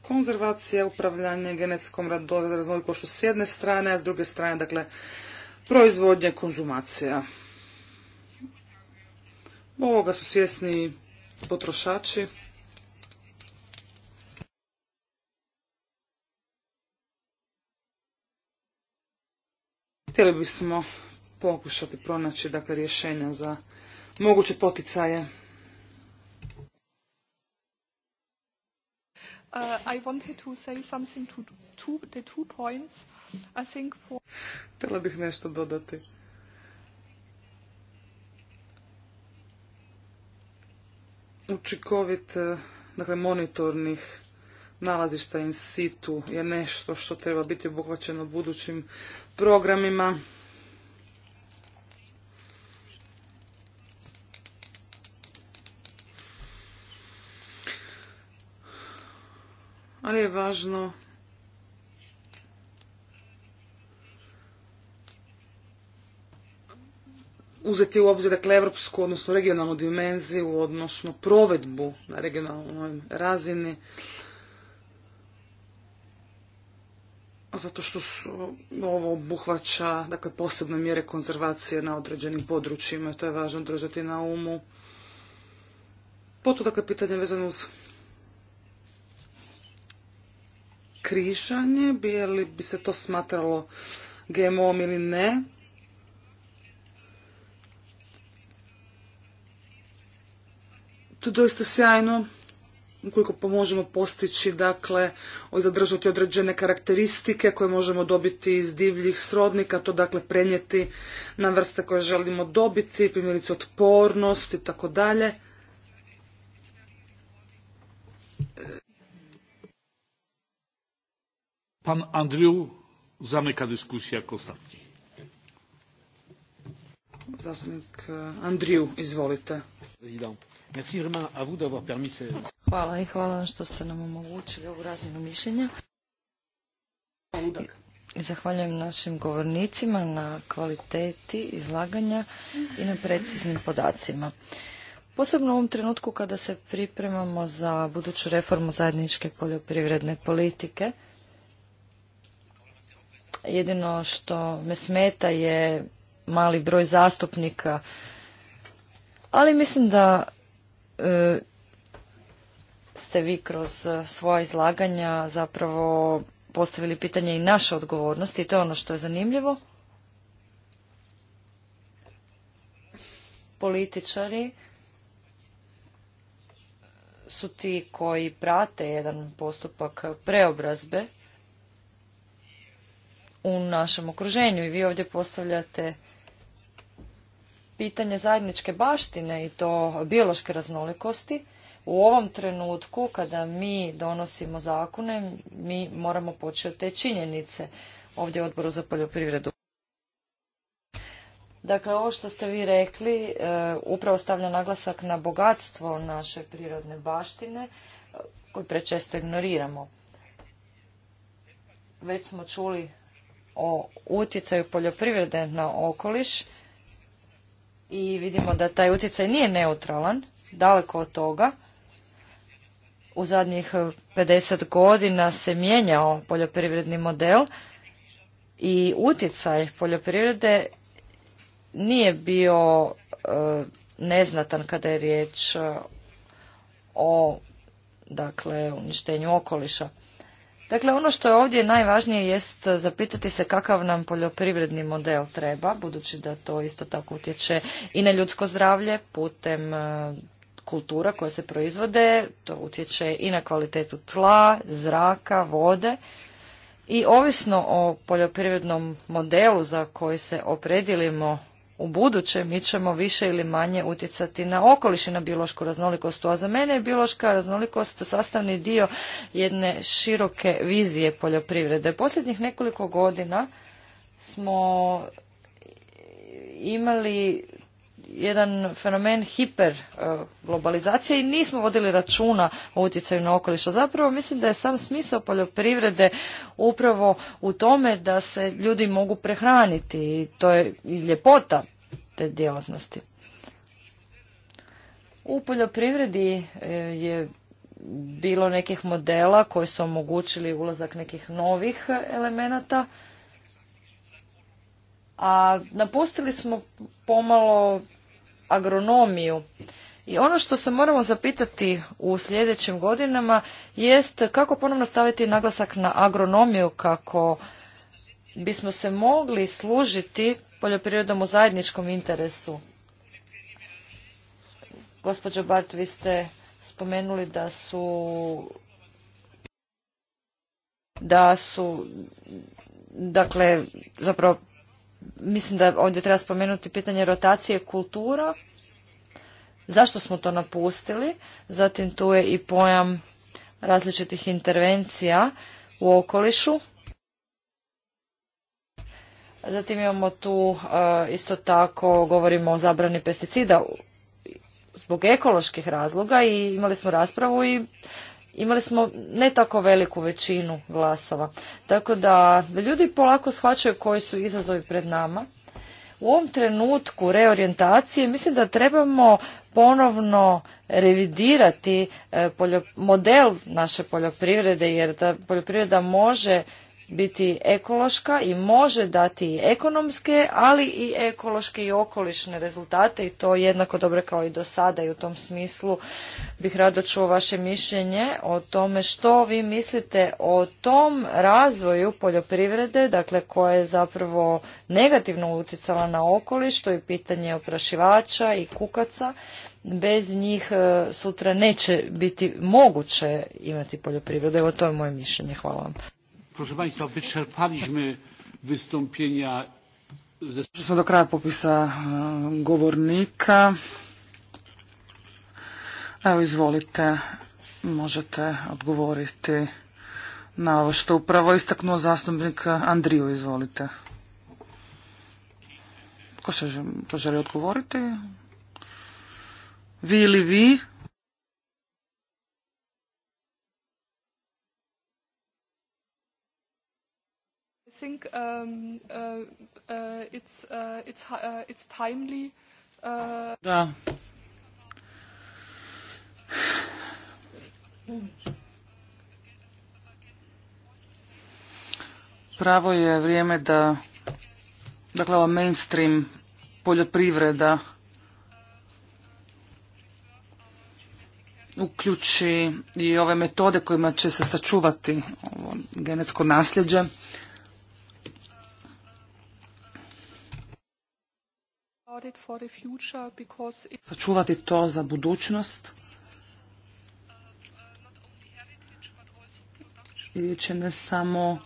konzervacija, upravljanje genetskom raznolikošću s jedne strane, a s druge strane, dakle, proizvodnje, konzumacija. Ovoga su svjesni potrošači, Htjeli bismo pokušati pronaći dakle, rješenja za moguće poticaje. Uh, I wanted to say something to, the two points. I think Htjela bih nešto dodati. Učikovit, eh, dakle, monitornih nalazišta in situ je nešto što treba biti obuhvaćeno budućim programima. Ali je važno uzeti u obzir dakle evropsku, odnosno regionalnu dimenziju, odnosno provedbu na regionalnoj razini. zato što su, ovo obuhvaća dakle, posebne mjere konzervacije na određenim područjima. To je važno držati na umu. Potom dakle, pitanje vezano uz križanje, bi, li bi se to smatralo gmo ili ne. To je doista sjajno ukoliko možemo postići, dakle, zadržati određene karakteristike koje možemo dobiti iz divljih srodnika, to dakle prenijeti na vrste koje želimo dobiti, primjerice otpornost i tako dalje. Pan Andriju zameka diskusija ako ostatki. Zastupnik e, Andriju, izvolite. Zidam. Hvala i hvala što ste nam omogućili ovu razinu mišljenja. I zahvaljujem našim govornicima na kvaliteti izlaganja i na preciznim podacima. Posebno u ovom trenutku kada se pripremamo za buduću reformu zajedničke poljoprivredne politike, jedino što me smeta je mali broj zastupnika, ali mislim da E, ste vi kroz e, svoja izlaganja zapravo postavili pitanje i naše odgovornosti i to je ono što je zanimljivo. Političari su ti koji prate jedan postupak preobrazbe u našem okruženju i vi ovdje postavljate pitanje zajedničke baštine i to biološke raznolikosti. U ovom trenutku kada mi donosimo zakone, mi moramo početi od te činjenice ovdje u odboru za poljoprivredu. Dakle, ovo što ste vi rekli e, upravo stavlja naglasak na bogatstvo naše prirodne baštine e, koju prečesto ignoriramo. Već smo čuli o utjecaju poljoprivrede na okoliš i vidimo da taj utjecaj nije neutralan, daleko od toga. U zadnjih 50 godina se mijenjao poljoprivredni model i utjecaj poljoprivrede nije bio e, neznatan kada je riječ e, o dakle uništenju okoliša. Dakle, ono što je ovdje najvažnije jest zapitati se kakav nam poljoprivredni model treba, budući da to isto tako utječe i na ljudsko zdravlje putem e, kultura koje se proizvode, to utječe i na kvalitetu tla, zraka, vode. I ovisno o poljoprivrednom modelu za koji se opredilimo u buduće mi ćemo više ili manje utjecati na okoliš i na biološku raznolikost. A za mene je biološka raznolikost sastavni dio jedne široke vizije poljoprivrede. Posljednjih nekoliko godina smo imali jedan fenomen hiperglobalizacije e, i nismo vodili računa o utjecaju na okoliš. Zapravo mislim da je sam smisao poljoprivrede upravo u tome da se ljudi mogu prehraniti i to je ljepota te djelatnosti. U poljoprivredi e, je bilo nekih modela koji su omogućili ulazak nekih novih elemenata, a napustili smo pomalo agronomiju. I ono što se moramo zapitati u sljedećim godinama jest kako ponovno staviti naglasak na agronomiju kako bismo se mogli služiti poljoprivredom u zajedničkom interesu. Gospođo Bart, vi ste spomenuli da su da su dakle zapravo mislim da ovdje treba spomenuti pitanje rotacije kultura. Zašto smo to napustili? Zatim tu je i pojam različitih intervencija u okolišu. Zatim imamo tu e, isto tako, govorimo o zabrani pesticida zbog ekoloških razloga i imali smo raspravu i imali smo ne tako veliku većinu glasova. Tako da ljudi polako shvaćaju koji su izazovi pred nama. U ovom trenutku reorientacije mislim da trebamo ponovno revidirati eh, model naše poljoprivrede jer da poljoprivreda može biti ekološka i može dati ekonomske, ali i ekološke i okolišne rezultate i to jednako dobro kao i do sada i u tom smislu bih rado čuo vaše mišljenje o tome što vi mislite o tom razvoju poljoprivrede, dakle koja je zapravo negativno utjecala na okoliš, to je pitanje oprašivača i kukaca. Bez njih e, sutra neće biti moguće imati poljoprivredu. Evo to je moje mišljenje. Hvala vam. Proszę Państwa, wyczerpaliśmy wystąpienia. Došli smo do kraja popisa e, govornika. Evo izvolite, možete odgovoriti na ovo što upravo istaknuo zastupnik Andriju, izvolite. Ko se želi odgovoriti? Vi ili vi? think um, uh, uh, it's, uh, it's, it's timely. Da. Pravo je vrijeme da, dakle, ova mainstream poljoprivreda uključi i ove metode kojima će se sačuvati ovo genetsko nasljeđe. sačuvati to za budućnost i će ne samo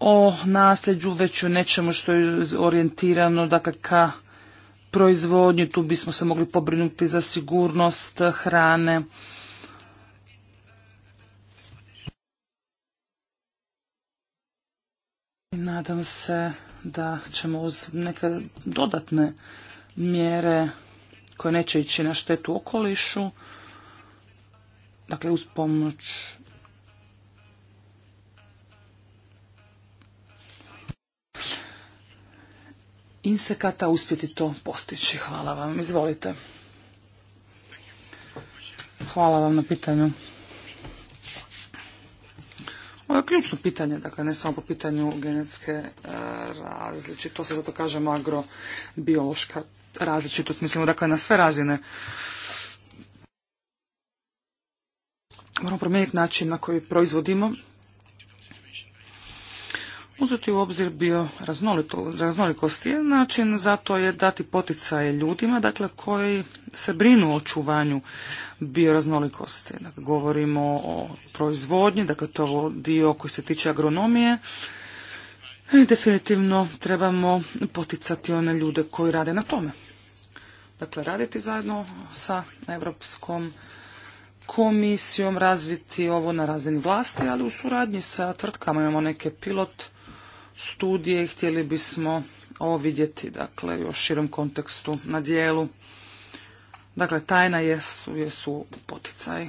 o nasljeđu, već o nečemu što je orijentirano dakle, ka proizvodnju. Tu bismo se mogli pobrinuti za sigurnost hrane. I nadam se da ćemo uz neke dodatne mjere koje neće ići na štetu okolišu, dakle uz pomoć insekata uspjeti to postići. Hvala vam. Izvolite. Hvala vam na pitanju. Ovo pa, je ključno pitanje, dakle ne samo po pitanju genetske e, to se zato kažemo agrobiološka različitost, mislimo dakle na sve razine. Moramo promijeniti način na koji proizvodimo uzeti u obzir bio raznolikost. Jedan način zato je dati poticaje ljudima dakle, koji se brinu o očuvanju bioraznolikosti. Dakle, govorimo o proizvodnji, dakle to je dio koji se tiče agronomije. I definitivno trebamo poticati one ljude koji rade na tome. Dakle, raditi zajedno sa Europskom komisijom razviti ovo na razini vlasti, ali u suradnji sa tvrtkama imamo neke pilot studije i htjeli bismo ovo vidjeti dakle, još širom kontekstu na dijelu. Dakle, tajna jesu, jesu poticaj.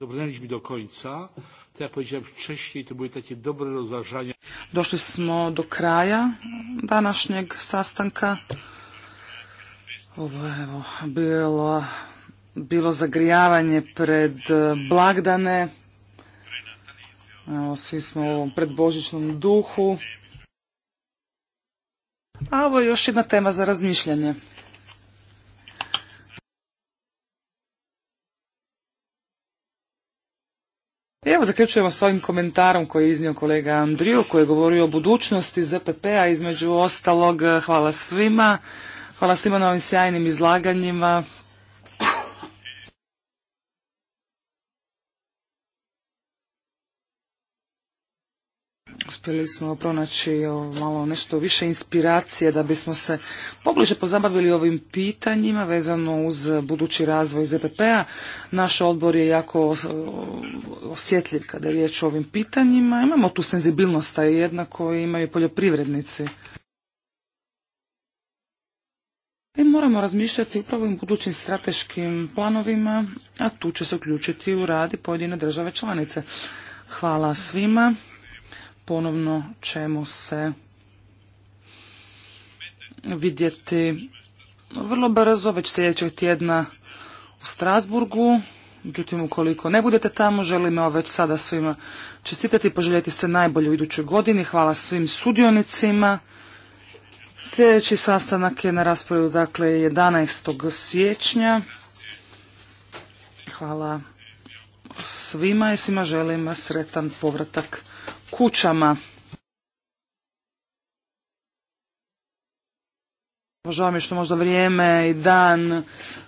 Dobrnęliśmy do końca. To jak powiedziałem wcześniej, to były takie dobre rozważania. Doszliśmy smo do kraja današnjeg sastanka. Ovo je evo, bilo, bilo zagrijavanje pred e, blagdane. Evo, svi smo u predbožičnom duhu. A ovo je još jedna tema za razmišljanje. Evo zaključujemo s ovim komentarom koji je iznio kolega Andriju koji je govorio o budućnosti ZPP-a između ostalog e, hvala svima. Hvala svima na ovim sjajnim izlaganjima. Uspjeli smo pronaći malo nešto više inspiracije da bismo se pobliže pozabavili ovim pitanjima vezano uz budući razvoj ZPP-a. Naš odbor je jako osjetljiv kada je riječ o ovim pitanjima. Imamo tu senzibilnost, a jednako imaju poljoprivrednici. Mi moramo razmišljati upravo o budućim strateškim planovima, a tu će se uključiti u radi pojedine države članice. Hvala svima. Ponovno ćemo se vidjeti vrlo brzo, već sljedećeg tjedna u Strasburgu. Međutim, ukoliko ne budete tamo, želim evo već sada svima čestitati i poželjeti se najbolje u idućoj godini. Hvala svim sudionicima. Sljedeći sastanak je na rasporedu dakle 11. siječnja. Hvala svima i svima želim sretan povratak kućama. Pa žao mi što možda vrijeme i dan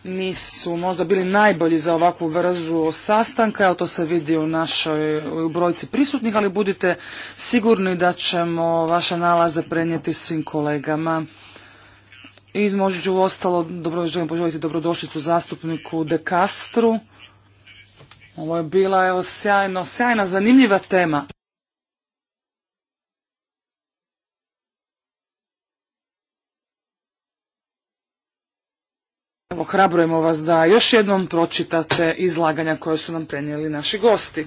nisu možda bili najbolji za ovakvu vrzu sastanka, evo to se vidi u našoj brojci prisutnih, ali budite sigurni da ćemo vaše nalaze prenijeti svim kolegama. I u ostalo, dobro, želim poželjiti dobrodošlicu zastupniku De Castru. Ovo je bila evo, sjajna, zanimljiva tema. Evo, hrabrujemo vas da još jednom pročitate izlaganja koje su nam prenijeli naši gosti.